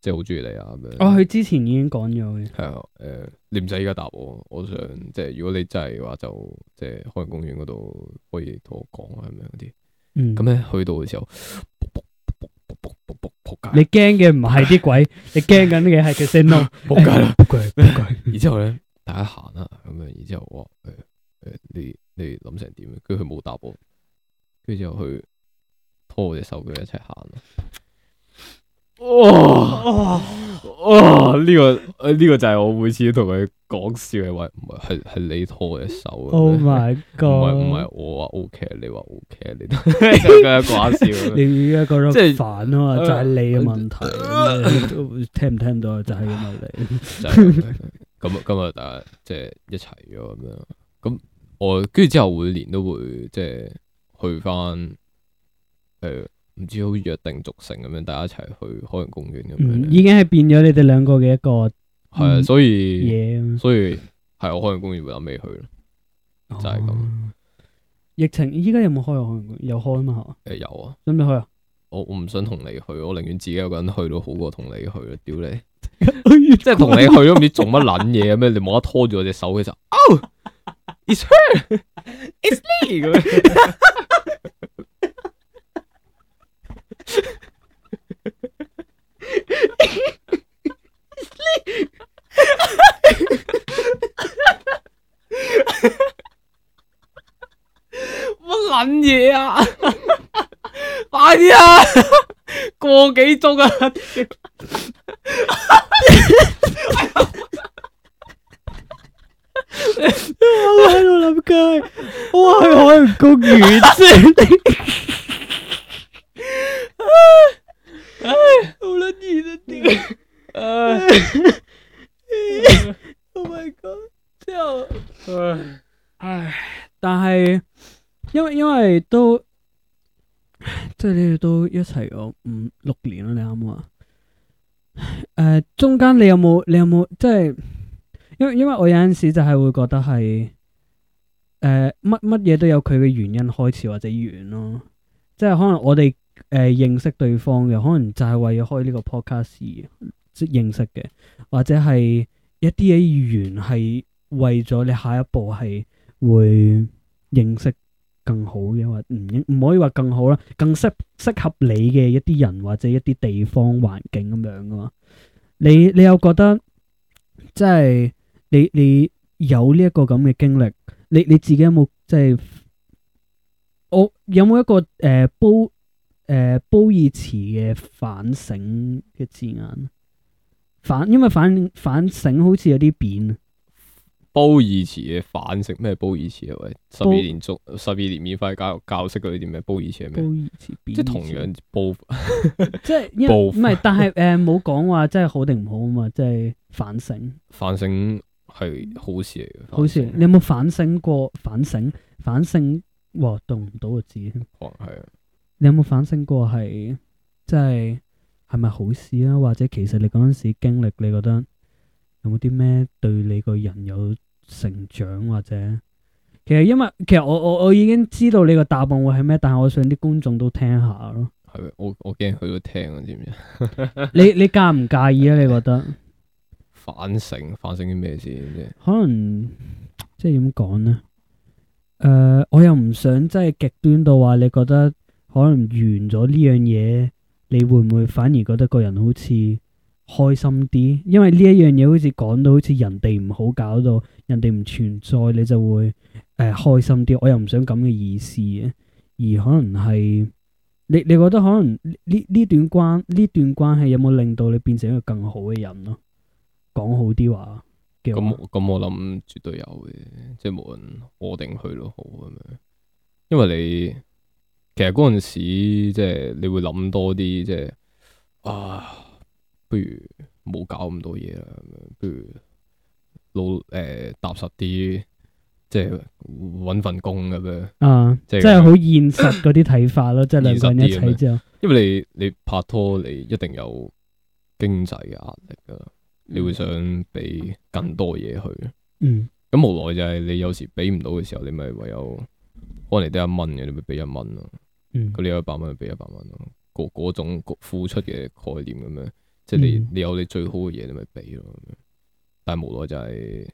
即係好中意你啊！咁啊，哦，佢之前已經講咗嘅係啊。誒，你唔使依家答我。我想即係，如果你真係嘅話就即係海洋公園嗰度，可以同我講啊，咁樣啲？咁咧去到嘅時候，撲街，你驚嘅唔係啲鬼，你驚緊嘅係佢先囉。撲街啦，然之後咧，大家行啦，咁樣。然之後我，誒，誒你你諗成點？跟住佢冇答我，跟住之後佢拖我隻手腳一齊行囉。哦，哇呢、呢個呢、呢個就係我每次同佢講笑嘅話，唔係係係你拖我嘅手。Oh my god！唔係我話 OK 啊，啊你話 OK 啊，你都即係講一個玩笑。你依家覺得即係煩啊嘛？就係你嘅問題。聽唔聽到？就係咁啊，你咁啊，今日大家即係一齊咗咁樣。咁我跟住之後每年都會即係、就是、去返誒。哎呃唔知好約定俗成咁樣，大家一齊去海洋公園咁樣，已經係變咗你哋兩個嘅一個係啊，所以所以係我海洋公園有未去咯，就係咁。疫情依家有冇開啊？有開啊嘛？係嘛？誒有啊，準備去啊？我我唔想同你去，我寧願自己一個人去都好過同你去。屌你，即係同你去都唔知做乜捻嘢咁樣，你冇得拖住我隻手嘅時候，oh，it's her，it's me。乜撚嘢呀！快啲呀，過幾鐘啊？我喺度諗緊，哇，我係海龍個魚精。唉，好冇咗你的地唉，Oh my god，真係，唉，唉、啊，但係，因為因為都即係你哋都一齊咗五六年啦，你啱唔啱啊？誒、呃，中間你有冇你有冇即係？因為因為我有陣時就係會覺得係誒，乜乜嘢都有佢嘅原因開始或者完咯，即係可能我哋。誒、呃，認識對方嘅可能就係為咗開呢個 podcast 即認識嘅，或者係一啲嘅語言係為咗你下一步係會認識更好嘅，或唔應唔可以話更好啦，更適適合你嘅一啲人或者一啲地方環境咁樣噶嘛？你你有覺得即係你你有呢一個咁嘅經歷？你你自己有冇即係我有冇一個誒、呃、煲？誒，褒義詞嘅反省嘅字眼，反因為反反省好似有啲貶。褒義詞嘅反省咩？褒義詞喂，十二年中十二年免費教育教識嗰啲啲咩？褒義詞咩？褒義詞即係同樣褒， 即係唔係？但係誒，冇講話即係好定唔好啊嘛，即係反，反，反，反，反省。反省係好事嚟嘅。好、呃、事，你有冇反省過？反省，反省哇，讀唔到個字。哦， 係啊。你有冇反省過係，即係係咪好事啊？或者其實你嗰陣時經歷，你覺得有冇啲咩對你個人有成長？或者其實因為其實我我我已經知道你個答案會係咩，但係我想啲觀眾都聽下咯。係，我我驚佢都聽啊，知唔知？ 你你介唔介意啊？你覺得 反省反省啲咩事？可能即係點講咧？誒、呃，我又唔想即係極端到話你覺得。可能完咗呢樣嘢，你會唔會反而覺得個人好似開心啲？因為呢一樣嘢好似講到好似人哋唔好，搞到人哋唔存在，你就會誒、呃、開心啲。我又唔想咁嘅意思嘅，而可能係你你覺得可能呢呢段關呢段關係有冇令到你變成一個更好嘅人咯？講好啲話，咁咁我諗絕對有嘅，即係無論我定佢都好咁樣，因為你。其實嗰陣時，即係你會諗多啲，即係啊，不如冇搞咁多嘢啦，不如老誒、呃、踏實啲，即係搵份工咁樣啊，即係即係好現實嗰啲睇法咯， 即係兩個人一齊啫，因為你你拍拖，你一定有經濟嘅壓力啦，嗯、你會想俾更多嘢去，嗯，咁無奈就係你有時俾唔到嘅時候，你咪唯有。幫你得一蚊嘅，你咪俾一蚊咯。佢、嗯、你有一百蚊，就俾一百蚊咯。嗰種，付出嘅概念咁樣，即係你你有你最好嘅嘢，你咪俾咯。但係無奈就係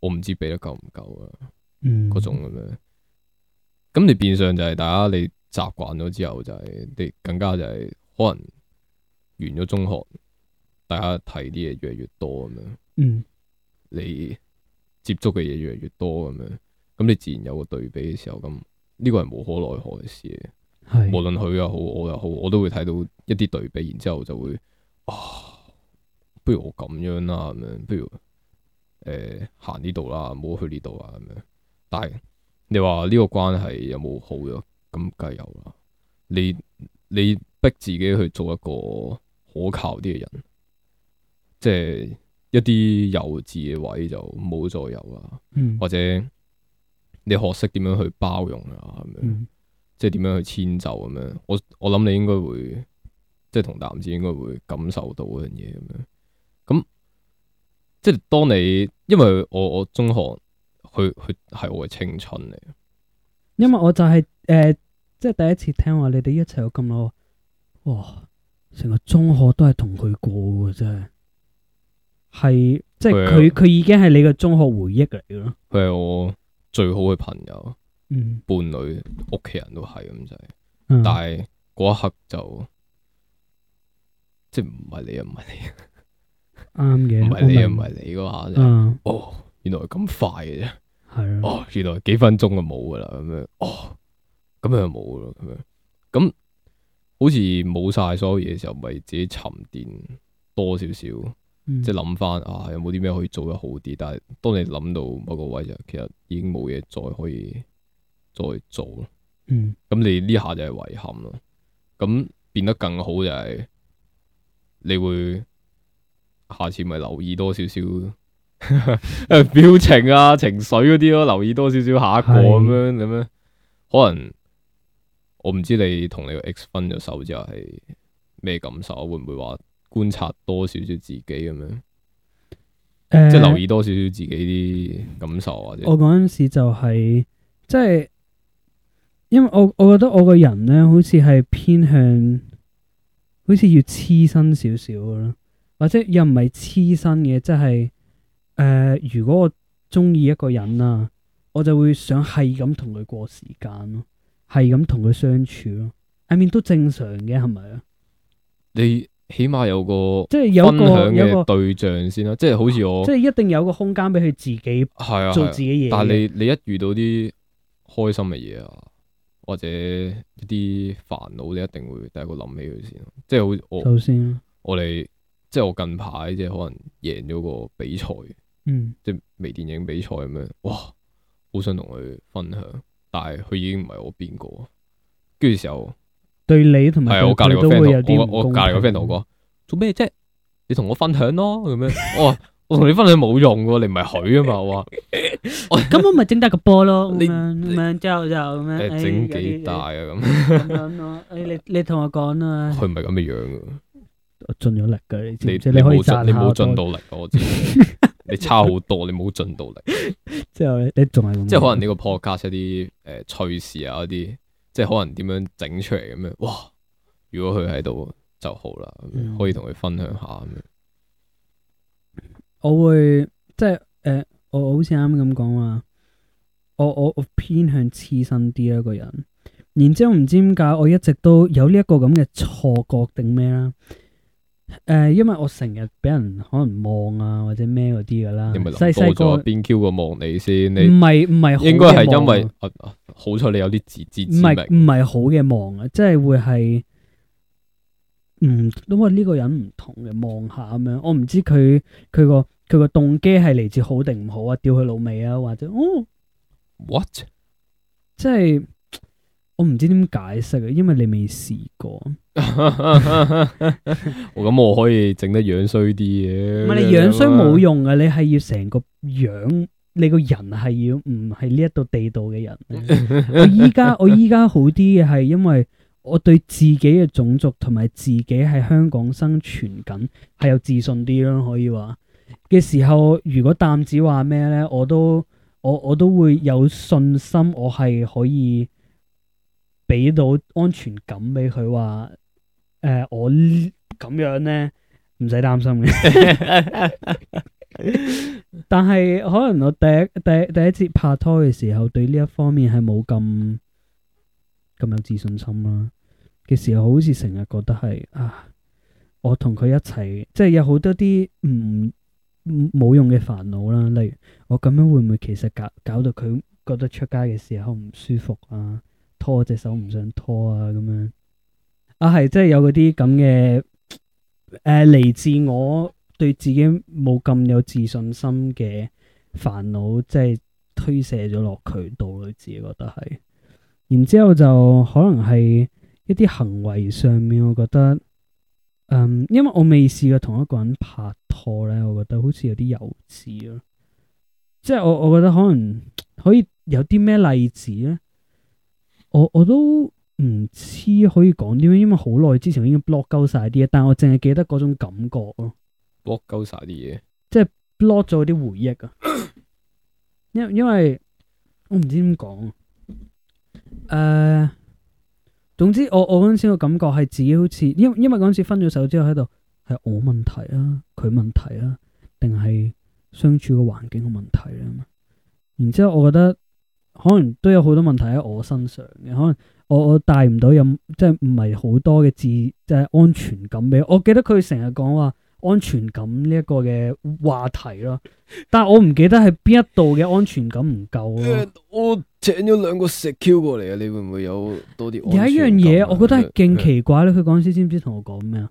我唔知俾得夠唔夠啊。嗰、嗯、種咁樣，咁你變相就係大家你習慣咗之後，就係你更加就係可能完咗中學，大家睇啲嘢越嚟越多咁樣。嗯、你接觸嘅嘢越嚟越多咁樣，咁你自然有個對比嘅時候咁。呢個係無可奈何嘅事的，是。無論佢又好我又好，我都會睇到一啲對比，然之後就會啊，不如我咁樣啦咁樣，不如誒行呢度啦，唔好去呢度啊咁樣。但係你話呢個關係有冇好咗？咁梗係有啦。你你逼自己去做一個可靠啲嘅人，即係一啲幼稚嘅位就冇再有啦。嗯，或者。你學識點樣去包容啊？咁樣，嗯、即係點樣去遷就咁樣？我我諗你應該會，即係同男子應該會感受到嗰樣嘢咁樣。咁即係當你，因為我我中學，佢佢係我嘅青春嚟。因為我就係、是、誒、呃，即係第一次聽話你哋一齊有咁耐，哇！成個中學都係同佢過嘅，真係係即係佢佢已經係你嘅中學回憶嚟咯。係我。最好嘅朋友、嗯、伴侶、屋企人都係咁就，但係嗰一刻就即係唔係你啊，唔係你啊，啱嘅，唔係你啊，唔係你嗰下，嗯，哦，原來咁快嘅啫。係啊、嗯，哦，原來幾分鐘就冇噶啦，咁樣，哦，咁樣就冇咯，咁樣，咁好似冇晒所有嘢嘅時候，咪自己沉澱多少少。即係諗翻啊，有冇啲咩可以做得好啲？但係當你諗到某個位就，其實已經冇嘢再可以再做咯。嗯、咁、你呢下就係遺憾咯。咁變得更好就係你會下次咪留意多少少 表情啊，情緒嗰啲咯，留意多少少下一個咁樣咁咧。可能我唔知你同你個 EX 分咗手之後係咩感受，會唔會話？觀察多少少自己咁樣，呃、即係留意多少少自己啲感受或者。我嗰陣時就係、是、即係，因為我我覺得我個人咧，好似係偏向，好似要黐身少少咯，或者又唔係黐身嘅，即係誒、呃，如果我中意一個人啦、啊，我就會想係咁同佢過時間咯、啊，係咁同佢相處咯、啊，I mean, 都正常嘅？係咪啊？你？起碼有個即係分享嘅對象先啦、啊，即係好似我即係一定有個空間俾佢自己做自己嘢、啊。但係你你一遇到啲開心嘅嘢啊，或者一啲煩惱，你一定會第一個諗起佢先、啊、即係好我首先我哋即係我近排即係可能贏咗個比賽，嗯，即係微電影比賽咁樣，哇，好想同佢分享，但係佢已經唔係我邊個，跟住時候。對你同埋佢都會有啲共鳴。我隔籬個 friend 同我講：做咩啫？你同我分享咯咁樣。哦，我同你分享冇用噶，你唔係佢啊嘛。我話，咁我咪整得個波咯。你之後就咁樣。你整幾大啊？咁。咁你你同我講啦。佢唔係咁嘅樣噶。我盡咗力噶，你知。你冇盡到力我知。你差好多，你冇盡到力。之後你仲係。即係可能你個 podcast 加一啲誒趣事啊嗰啲。即係可能點樣整出嚟咁樣，哇！如果佢喺度就好啦，嗯、可以同佢分享下咁樣。我會即係誒、呃，我好似啱啱咁講啊，我我我偏向黐身啲一個人。然之後唔知點解，我一直都有呢一個咁嘅錯覺定咩啦？誒、呃，因為我成日俾人可能望啊或者咩嗰啲噶啦，細細個邊 Q 個望你先，你唔係唔係應該係因為、啊啊好彩你有啲自知自，自明，唔係唔係好嘅望啊，即係會係唔咁啊，呢個人唔同嘅望下咁樣，我唔知佢佢個佢個動機係嚟自好定唔好啊，吊佢老味啊，或者哦，what？即係我唔知點解釋啊，因為你未試過。我咁我可以整得樣衰啲嘅，唔係是你，你樣衰冇用噶，啊，你係要成個樣。你個人係要唔係呢一度地道嘅人？ 我依家我依家好啲嘅係，因為我對自己嘅種族同埋自己喺香港生存緊係有自信啲咯，可以話嘅時候，如果淡紫話咩咧，我都我我都會有信心，我係可以俾到安全感俾佢，話、呃、誒我咁樣咧唔使擔心嘅。 但係可能我第一第一第一次拍拖嘅時候，對呢一方面係冇咁咁有自信心啦。嘅時候好似成日覺得係啊，我同佢一齊，即係有好多啲唔冇用嘅煩惱啦。例如我咁樣會唔會其實搞搞到佢覺得出街嘅時候唔舒服啊？拖隻手唔想拖啊？咁樣啊係，即係有嗰啲咁嘅誒嚟自我。對自己冇咁有，有自信心嘅煩惱，即係推卸咗落佢度，自己覺得係。然之後就可能係一啲行為上面，我覺得，嗯，因為我未試過同一個人拍拖咧，我覺得好似有啲幼稚咯。即係我我覺得可能可以有啲咩例子咧，我我都唔知可以講啲咩，因為好耐之前已經 block 夠晒啲嘢，但我淨係記得嗰種感覺咯。博鳩晒啲嘢，即係 block 咗啲回憶啊。因 因為，因為我唔知點講啊。誒、呃，總之我我嗰陣時個感覺係自己好似因因為嗰陣時分咗手之後喺度係我問題啊，佢問題啊，定係相處個環境嘅問題啊嘛。然之後我覺得可能都有好多問題喺我身上嘅，可能我我帶唔到任即係唔係好多嘅自即係安全感俾我。我記得佢成日講話。安全感呢一個嘅話題咯，但係我唔記得係邊一度嘅安全感唔夠咯、啊呃。我請咗兩個食 Q 過嚟啊，你會唔會有多啲？有一樣嘢，我覺得係勁奇怪咧。佢嗰陣時知唔知同我講咩啊？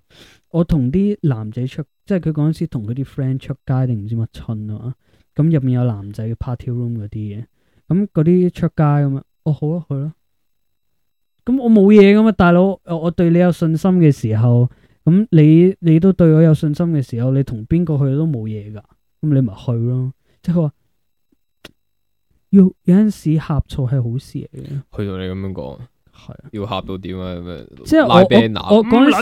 我同啲男仔出，即係佢嗰陣時同佢啲 friend 出街定唔知乜春咯啊？咁、嗯、入面有男仔嘅 party room 嗰啲嘢，咁嗰啲出街咁啊？哦，好啊，去啊，咁我冇嘢㗎嘛，大佬，我對你有信心嘅時候。咁、嗯、你你都對我有信心嘅時候，你同邊個去都冇嘢噶，咁、嗯、你咪去咯。即係話，要有陣時呷醋係好事嚟嘅。去到你咁樣講，係啊，要呷到點啊？咁啊，即係我我嗰陣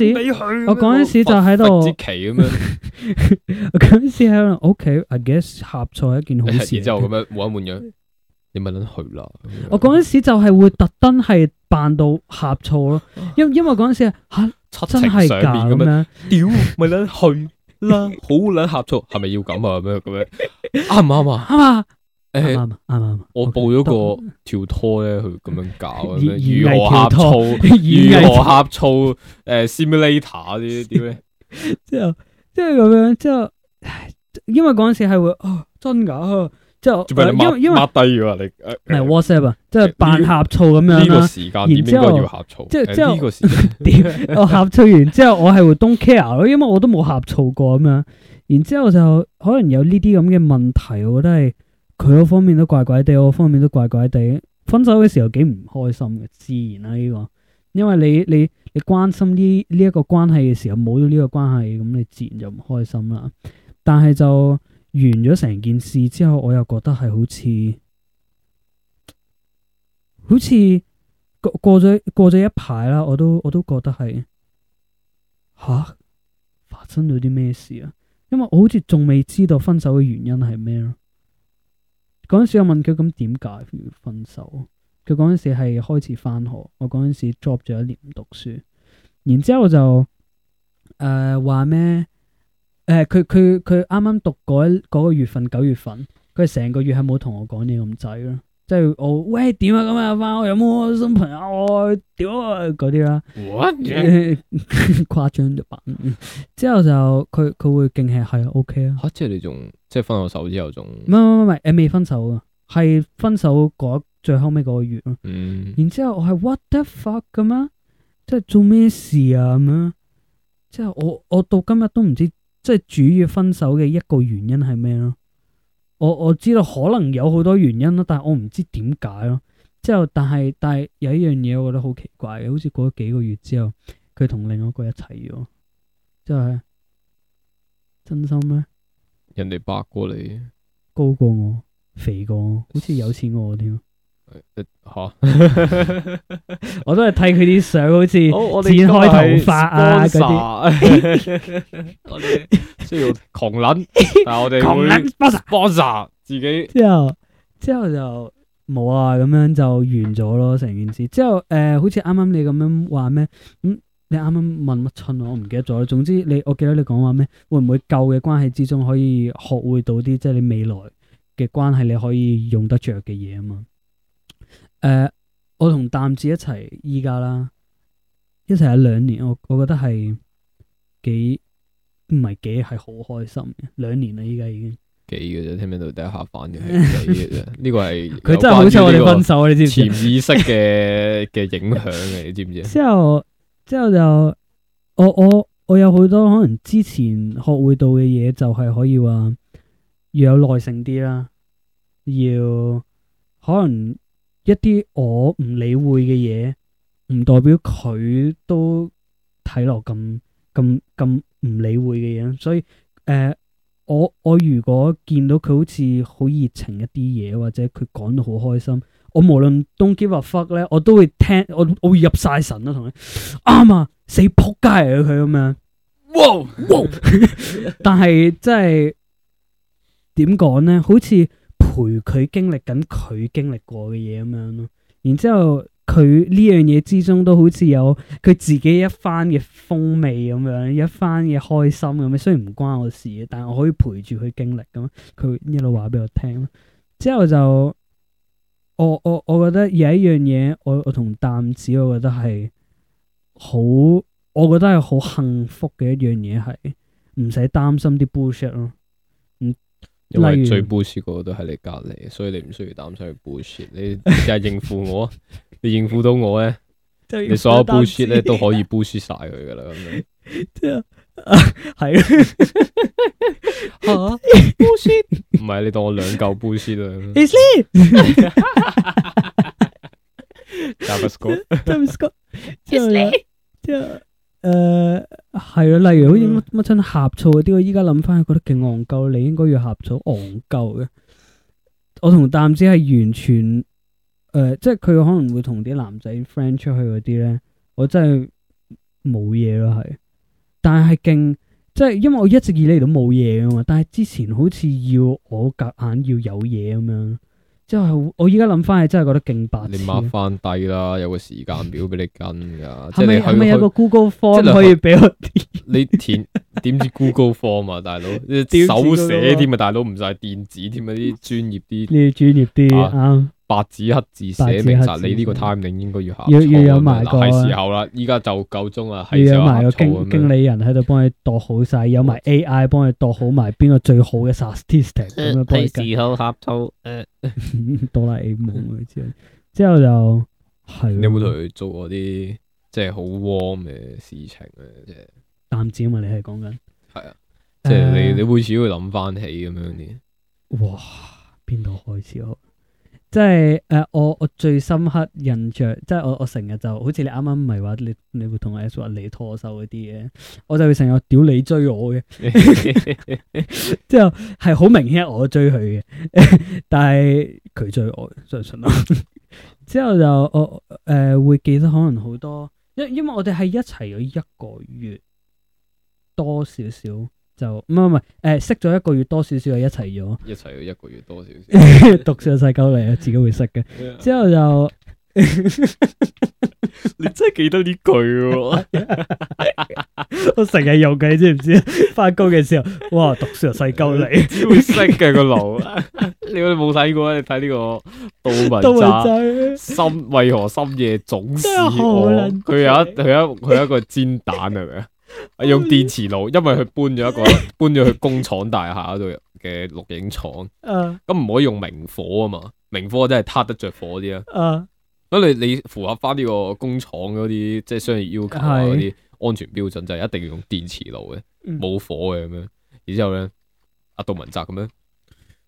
時，我嗰陣時、時就喺度，奇樣 我嗰陣時喺屋企，OK, I guess 呷醋係一件好事。然之後咁樣換一換樣，你咪諗去啦。我嗰陣時就係會特登係扮到呷醋咯，因為 因為嗰陣時吓。啊七情上面咁樣，屌咪捻去啦，好捻呷醋，係咪要咁啊？咩咁樣？啱唔啱啊？啱啊！誒，啱唔啱？我報咗個跳拖咧，佢咁樣搞，咁如何呷醋？如何呷醋誒，simulator 啲啲咩？之後即係咁樣，之後因為嗰陣時係會，哦，真噶。即係，因為因為低嘅話，你唔係 WhatsApp 啊，即係扮呷醋咁樣啦。然之後即係、欸這個、 之後呢個時點我呷醋完，然之後我係會 don't care 咯，因為我都冇呷醋過咁樣。然之後就可能有呢啲咁嘅問題，我覺得係佢嗰方面都怪怪地，我方面都怪怪地。分手嘅時候幾唔開心嘅，自然啦、啊、呢、這個，因為你你你，你，你關心呢呢一個關係嘅時候，冇咗呢個關係，咁你自然就唔開心啦。但係就。完咗成件事之後，我又覺得係好似好似過過咗過咗一排啦，我都我都覺得係吓發生咗啲咩事啊？因為我好似仲未知道分手嘅原因係咩咯。嗰陣時我問佢咁點解要分手，佢嗰陣時係開始返學，我嗰陣時 job 咗一年唔讀書，然之後就誒話咩？呃誒，佢佢佢啱啱讀嗰一個月份，九月份，佢成個月係冇同我講嘢咁滯咯，即係我喂點啊咁啊，翻屋有冇新朋友我屌啊嗰啲啦。啊啊、what 誇張到白， 之後就佢佢會勁氣係 OK 啊。吓，即係你仲即係分咗手之後仲？唔唔唔唔，未分手，分手啊，係分手嗰最後尾嗰個月咯。然之後我係 what the fuck 咁啊，啊，即係做咩事啊咁啊，即係我我到今日都唔知。即係主要分手嘅一個原因係咩咯？我我知道可能有好多原因咯，但係我唔知點解咯。之後，但係但係有一樣嘢我覺得好奇怪嘅，好似過咗幾個月之後，佢同另外一個一齊咗，即係真心咩？人哋白過你，高過我，肥過我，好似有錢過我添。吓， 我都係睇佢啲相好好，好似剪開頭髮啊，嗰啲需要窮捻， 但係我哋自己之後之後就冇啊，咁樣就完咗咯。成件事之後誒、呃，好似啱啱你咁樣話咩咁？你啱啱問乜春，我唔記得咗。總之你我記得你講話咩，會唔會舊嘅關係之中可以學會到啲即係你未來嘅關係你可以用得着嘅嘢啊，嘛。誒，uh, 我同淡紫一齊依家啦，一齊有兩年，我我覺得係幾唔係幾係好開心。兩年啦，依家已經幾嘅啫，聽唔聽到第一下反應係呢個？呢 個係佢真係好似我哋分手你知唔知？潛意識嘅嘅影響嚟，你知唔知？ 之後之後就我我我有好多可能之前學會到嘅嘢，就係可以話要有耐性啲啦，要可能。一啲我唔理會嘅嘢，唔代表佢都睇落咁咁咁唔理會嘅嘢，所以誒、呃，我我如果見到佢好似好熱情一啲嘢，或者佢講得好開心，我無論東擊或忽 Don't give a fuck 咧，我都會聽，我我會入晒神啦。同佢啱啊，死仆街啊佢咁樣， 但係即係點講咧，好似。陪佢經歷緊佢經歷過嘅嘢咁樣咯，然之後佢呢樣嘢之中都好似有佢自己一番嘅風味咁樣，一番嘅開心咁樣。雖然唔關我事，嘅，但我可以陪住佢經歷咁。佢一路話俾我聽。之後就我我我覺得有一樣嘢，我我同淡紫我，我覺得係好，我覺得係好幸福嘅一樣嘢，係唔使擔心啲 bullshit 咯。因為最 boost 嗰個都喺你隔籬，所以你唔需要擔心去 boost。 你即係應付我，你應付到我咧， 你所有 boost 咧都可以 boost 晒佢噶啦咁樣。係 啊，吓，boost 唔係你當我兩嚿 boost 啊？Isley，詹姆斯哥，詹姆斯哥，Isley，就。誒，係咯、uh, 啊，例如好似乜乜真呷醋啲，我依家諗翻去，覺得勁戇鳩，你應該要呷醋戇鳩嘅。我同淡紫係完全，誒、uh,，即係佢可能會同啲男仔 friend 出去嗰啲咧，我真係冇嘢咯，係。但係勁，即係因為我一直以嚟都冇嘢噶嘛，但係之前好似要我夾硬要有嘢咁樣。真係我依家諗翻，係真係覺得勁白你 m a 翻低啦，有個時間表俾你跟㗎。係咪，係咪有個 Google Form 即可以俾我 你填，點知 Google Form 啊，大佬？ 手寫添 啊，大佬唔曬電子添啊，啲專業啲。啲專業啲啊。白紙黑字寫明？你呢個 timing 應該要考要要有埋個，係時候啦！依家就夠鐘啊，係要有埋個經經理人喺度幫你度好晒，有埋 AI 幫你度好埋邊個最好嘅 statistic 咁樣幫緊。係時候下套哆啦 A 夢之後之後就係。你有冇同佢做嗰啲即係好 warm 嘅事情咧？淡紫啊，你係講緊係啊，即係你你會始會諗翻起咁樣啲。哇！邊度開始啊？即係誒，我、呃、我最深刻印象，即係我我成日就好似你啱啱唔係話你你會同阿 S 話你拖手嗰啲嘅，我就會成日屌你追我嘅，之後係好明顯我追佢嘅， 但係佢追我，相信咯。 之後就我誒、呃、會記得可能好多，因因為我哋係一齊咗一個月多少少。就唔係唔係，誒識咗一個月多少少就一齊咗，一齊咗一個月多少少，讀上世舊嚟啊，自己會識嘅。之後就你真係記得呢句，我成日用緊，知唔知啊？翻工嘅時候，哇，讀上世舊嚟，會識嘅個腦。你話你冇睇過啊？你睇呢個杜汶澤，心為何深夜總是我？佢有一佢一佢一個煎蛋係咪啊？係用電磁爐，因為佢搬咗一個， 搬咗去工廠大廈度嘅錄影廠。嗯，咁唔可以用明火啊嘛，明火真係撻得着火啲啊。嗯、uh,，咁你你符合翻呢個工廠嗰啲即係商業要求啊啲安全標準，是就係一定要用電磁爐嘅，冇、嗯、火嘅咁樣。然之後咧，阿杜文澤咁樣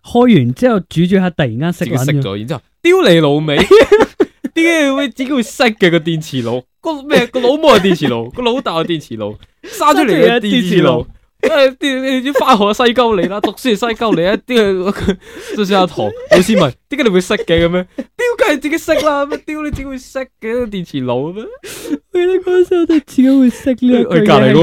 開完之後煮煮下，突然間熄，熄咗，然之後丟你老尾。點解會，點解會識嘅個電磁爐？個咩 個老母係電磁爐，個老豆係電磁爐，生出嚟嘅電磁爐。誒，啲、啊、你啲返學西溝嚟啦，讀書又西溝嚟啊！啲佢，就算阿唐老師問，點解你會識嘅咁咩？屌，梗係自己識啦！屌，你點會識嘅電磁爐咩？我記得嗰時候我哋自己會識呢一句嘢。兩年，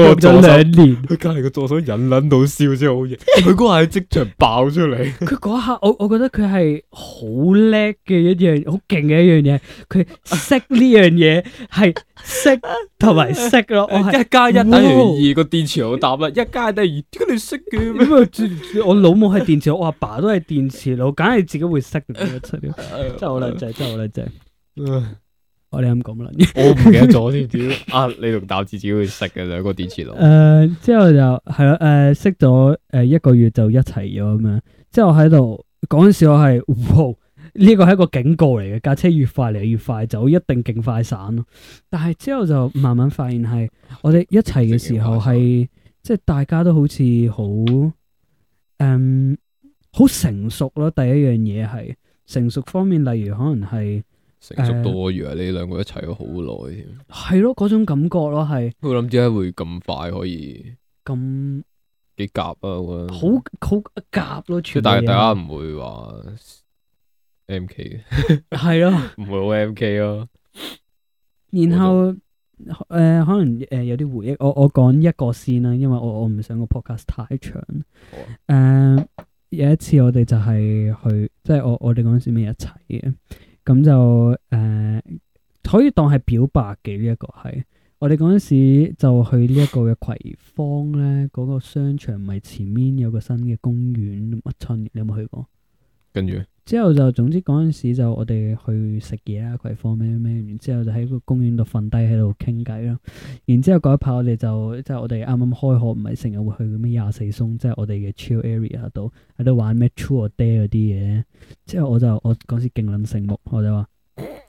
佢隔籬個助手忍捻到笑，真係好型。佢嗰下喺即場爆出嚟。佢嗰刻，我我覺得佢係好叻嘅一樣，好勁嘅一樣嘢。佢識呢樣嘢係識同埋識咯，一加一等於二、那個電磁爐答啦，一加。第二啲你識嘅唔咩？ 我老母係電磁，我阿爸都係電磁佬，梗係自己會識嘅。出啲 真係好靚仔，真係好靚仔。 唉我哋咁講啦，我唔記得咗添。 啊，你同達子自己會識嘅兩個電磁佬。誒、呃，之後就係咯，誒、啊，識咗誒一個月就一齊咗咁樣。之後喺度嗰陣時，我係呢個係一個警告嚟嘅，架車越快嚟越，越快走，一定勁快散咯。但係之後就慢慢發現係我哋一齊嘅時候係。即係大家都好似好，嗯，好成熟咯。第一樣嘢係成熟方面，例如可能係成熟到我以為你兩個一齊咗好耐添，係咯嗰種感覺咯，係。我諗點解會咁快可以咁幾夾啊？麼我覺得好好一夾咯，全但係大家唔會話 M K，係咯，唔會好 M K 咯。 然後。誒、呃，可能誒、呃、有啲回憶，我我講一個先啦，因為我我唔想個 podcast 太長。誒、哦呃，有一次我哋就係去，即係我我哋嗰陣時未一齊嘅，咁就誒、呃、可以當係表白嘅呢一個係。我哋嗰陣時就去呢一個嘅葵芳咧，嗰、那個商場咪前面有個新嘅公園乜春，你有冇去過？跟住。之後就總之嗰陣時就我哋去食嘢啦，葵芳咩咩，然之後就喺個公園度瞓低喺度傾偈咯。然之後嗰一排我哋就即係、就是、我哋啱啱開學，唔係成日會去咩廿四鬆，即、就、係、是、我哋嘅 chill area 度喺度玩咩 true or dare 嗰啲嘢。之後我就我嗰時勁撚醒目，我就話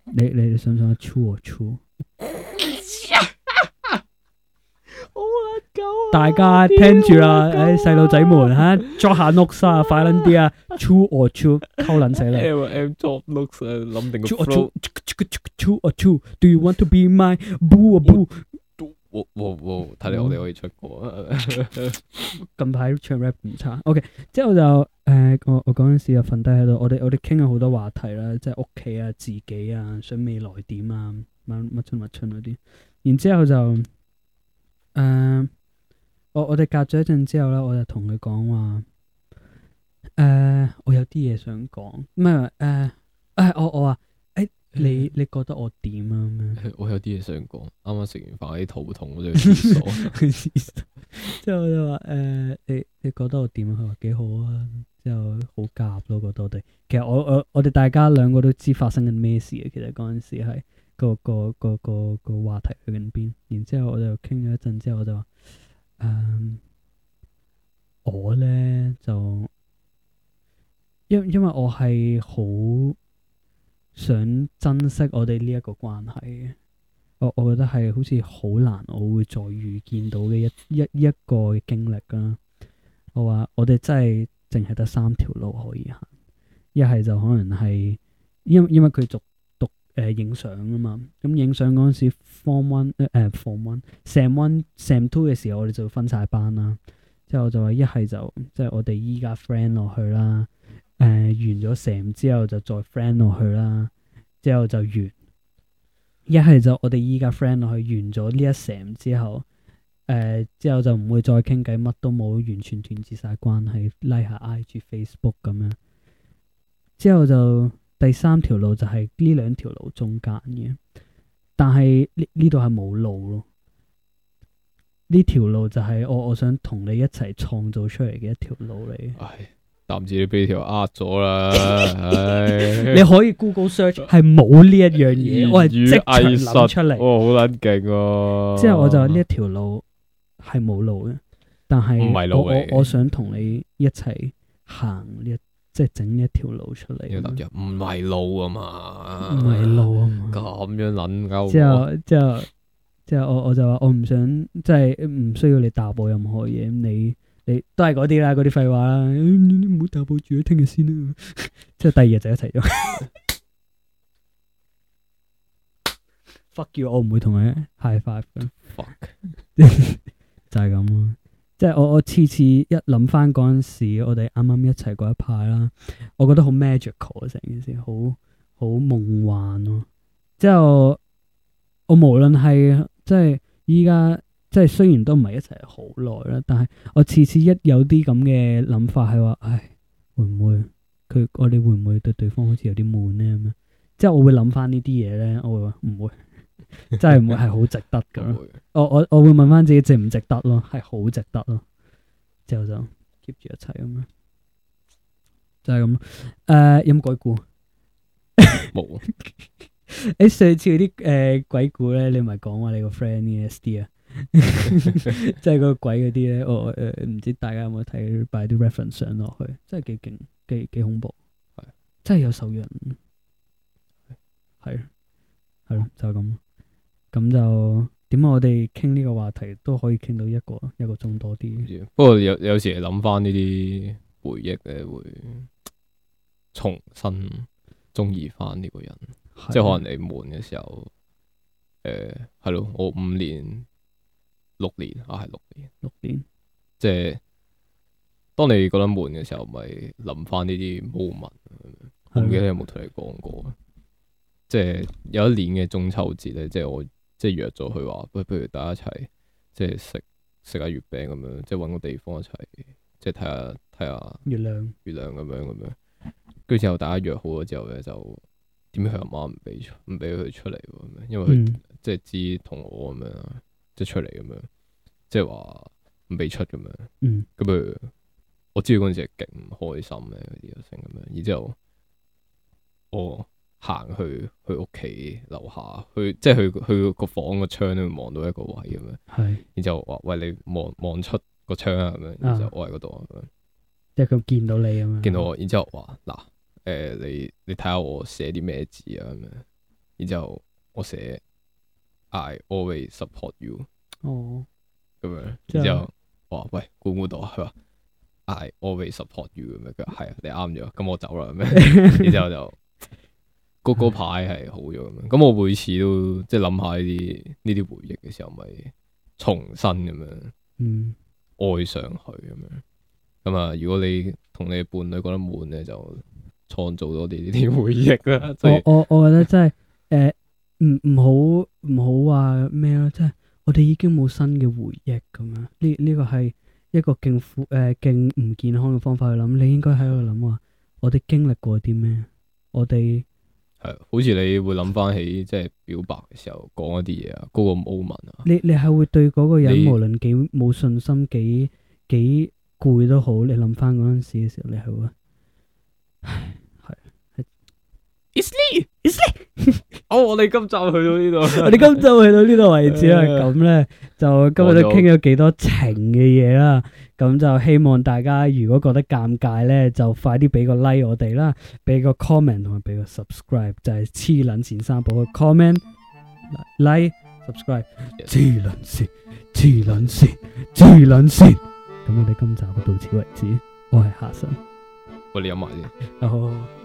你你哋想唔想 true or true？ 啊、大家聽住啦，誒，細路仔們吓，作下 note 啊，快捻啲啊 ，true or true，溝撚死你！M 作 note 啊，諗定個 flow。True or true，Do you want to be my boo or boo？我我我睇嚟我哋可以出國。近排唱 rap 唔差，OK。之後就誒、呃，我我嗰陣時就瞓低喺度，我哋我哋傾咗好多話題啦，即係屋企啊、自己啊、想未來點啊、乜乜春乜春嗰啲。然之後就誒。嗯嗯嗯嗯嗯嗯嗯我我哋隔咗一陣之後咧，我就同佢講話：，誒，我有啲嘢想講，唔係誒，誒，我我話，誒，你你覺得我點啊？咁樣，我有啲嘢想講，啱啱食完飯，喺肚痛，我就去廁所。之後我就話：，誒，你你覺得我點啊？佢話幾好啊，之後好夾咯。覺得我哋其實我我我哋大家兩個都知發生緊咩事啊。其實嗰陣時係個個個個個話題去緊邊，然之後我就傾咗一陣之後，我就話。Um, 我咧就因因為我係好想珍惜我哋呢一個關係嘅。我我覺得係好似好難，我會再遇見到嘅一一一，一個經歷噶，啊。我話我哋真係淨係得三條路可以行，一係就可能係因因為佢逐。誒影相啊嘛，咁影相嗰陣時 form one 誒、呃、form one，sam one, sam, one sam two 嘅時候，我哋就會分晒班啦。之後就話一係就即係、就是、我哋依家 friend 落去啦。誒、呃、完咗 sam 之後就再 friend 落去啦。之後就完。一係就我哋依家 friend 落去完咗呢一 sam 之後，誒、呃、之後就唔會再傾偈，乜都冇，完全斷絕晒關係，拉下 IG Facebook 咁樣。之後就。第三條路就係呢兩條路中間嘅，但係呢呢度係冇路咯。呢條路就係我我想同你一齊創造出嚟嘅一條路嚟。唉，甚至俾條呃咗啦。 唉你可以 Google search 係冇呢一樣嘢，我係即場諗出嚟。哇，好撚勁啊！之後我就話呢一條路係冇路嘅，但係我我我想同你一齊行呢一條。即係整一條路出嚟，唔係路啊嘛，唔係路啊嘛，樣捻溝。之後之後之後我我就話我唔想，即係唔需要你答我任何嘢。你你都係嗰啲啦，嗰啲廢話啦，你唔好答我住啦，聽日先啦。即 係第二日就一齊咗。 Fuck you！我唔會同你 high five。Fuck， 就係咁咯。即係我我次次一諗翻嗰陣時，我哋啱啱一齊嗰一排啦，我覺得好 magical 啊，成件事好好夢幻咯。之後我無論係即係依家，即係雖然都唔係一齊好耐啦，但係我次次一有啲咁嘅諗法，係話唉會唔會佢我哋會唔會對對方好似有啲悶咧咁樣？即係我會諗翻呢啲嘢咧，我會話唔會。 真係唔會係好值得噶，我我我會問翻自己值唔值得咯，係好值得咯，之後就 keep 住一齊咁咯，就係咁誒，有冇鬼故？冇啊！你上 次嗰啲誒鬼故咧，你咪講話你個 friend E S D 啊，即係嗰個鬼嗰啲咧，我誒唔知大家有冇睇，擺啲 reference 上落去，真係幾勁，幾幾恐怖，係真係有手印，係係咯，就係、是、咁。 咁就點解我哋傾呢個話題都可以傾到一個一個鐘多啲。不過有有時諗翻呢啲回憶咧，會重新中意翻呢個人。的即係可能你悶嘅時候，誒係咯，我五年、六年啊係六年，六年。六年即係當你覺得悶嘅時候，咪諗翻呢啲 moment。我記得有冇同你講過？的即係有一年嘅中秋節咧，即係我。即係約咗佢話，不不如大家一齊，即係食食下月餅咁樣，即係搵個地方一齊，即係睇下睇下月亮月亮咁樣咁樣。跟住之後大家約好咗之後咧，就點解佢阿媽唔俾出唔俾佢出嚟？因為佢即係知同我咁樣，即係出嚟咁樣，即係話唔俾出咁樣。嗯，咁啊，我知道嗰陣時係勁唔開心嘅，嗰啲咁樣，然之後哦。行去去屋企樓下，去即係去去個房個窗都望到一個位咁樣，係。然之後話喂，你望望出個窗啊咁樣，然之後我喺嗰度啊咁樣，即係佢見到你咁樣。見到我，然之後話嗱，誒，你你睇下我寫啲咩字啊咁樣，然之後我寫 I always support you。哦。咁樣，然之後話喂，估唔估到啊？佢話 I always support you 咁樣，佢話係啊，你啱咗，咁我走啦咁樣，然之後就。嗰嗰牌係好咗咁，咁我每次都即係諗下呢啲呢啲回憶嘅時候，咪重新咁樣、嗯、愛上去咁樣咁啊。如果你同你嘅伴侶覺得悶咧，就創造多啲呢啲回憶啦。即係我我，我覺得真係誒，唔、呃、唔好唔好話咩咧，即係我哋已經冇新嘅回憶咁樣呢？呢、這個係一個勁誒、勁、呃、唔健康嘅方法去諗。你應該喺度諗話，我哋經歷過啲咩？我哋。好似你會諗翻起即係表白嘅時候講嗰啲嘢啊，嗰個 moment 啊。你你係會對嗰個人你無論幾冇信心，幾幾攰都好，你諗翻嗰陣時嘅時候，你係會，係係。咦？哦，Is oh, 我哋今集去到呢度， 我哋今集去到呢度為止，係咁咧，就今日就傾咗幾多情嘅嘢啦。咁 就希望大家如果覺得尷尬咧，就快啲俾個 like 我哋啦，俾個 comment 同埋俾個 subscribe，就係黐捻線三寶嘅 comment、like Yes.、subscribe。黐捻線，黐捻線，黐捻線。咁我哋今集到此為止。我係哈臣，我哋有埋嘢。哦。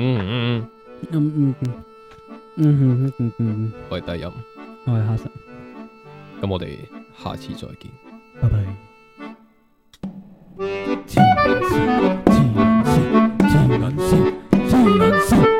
嗯嗯嗯嗯嗯嗯嗯嗯嗯， 我係低音，我係哈臣，咁我哋下次再見，拜拜 Bye bye.。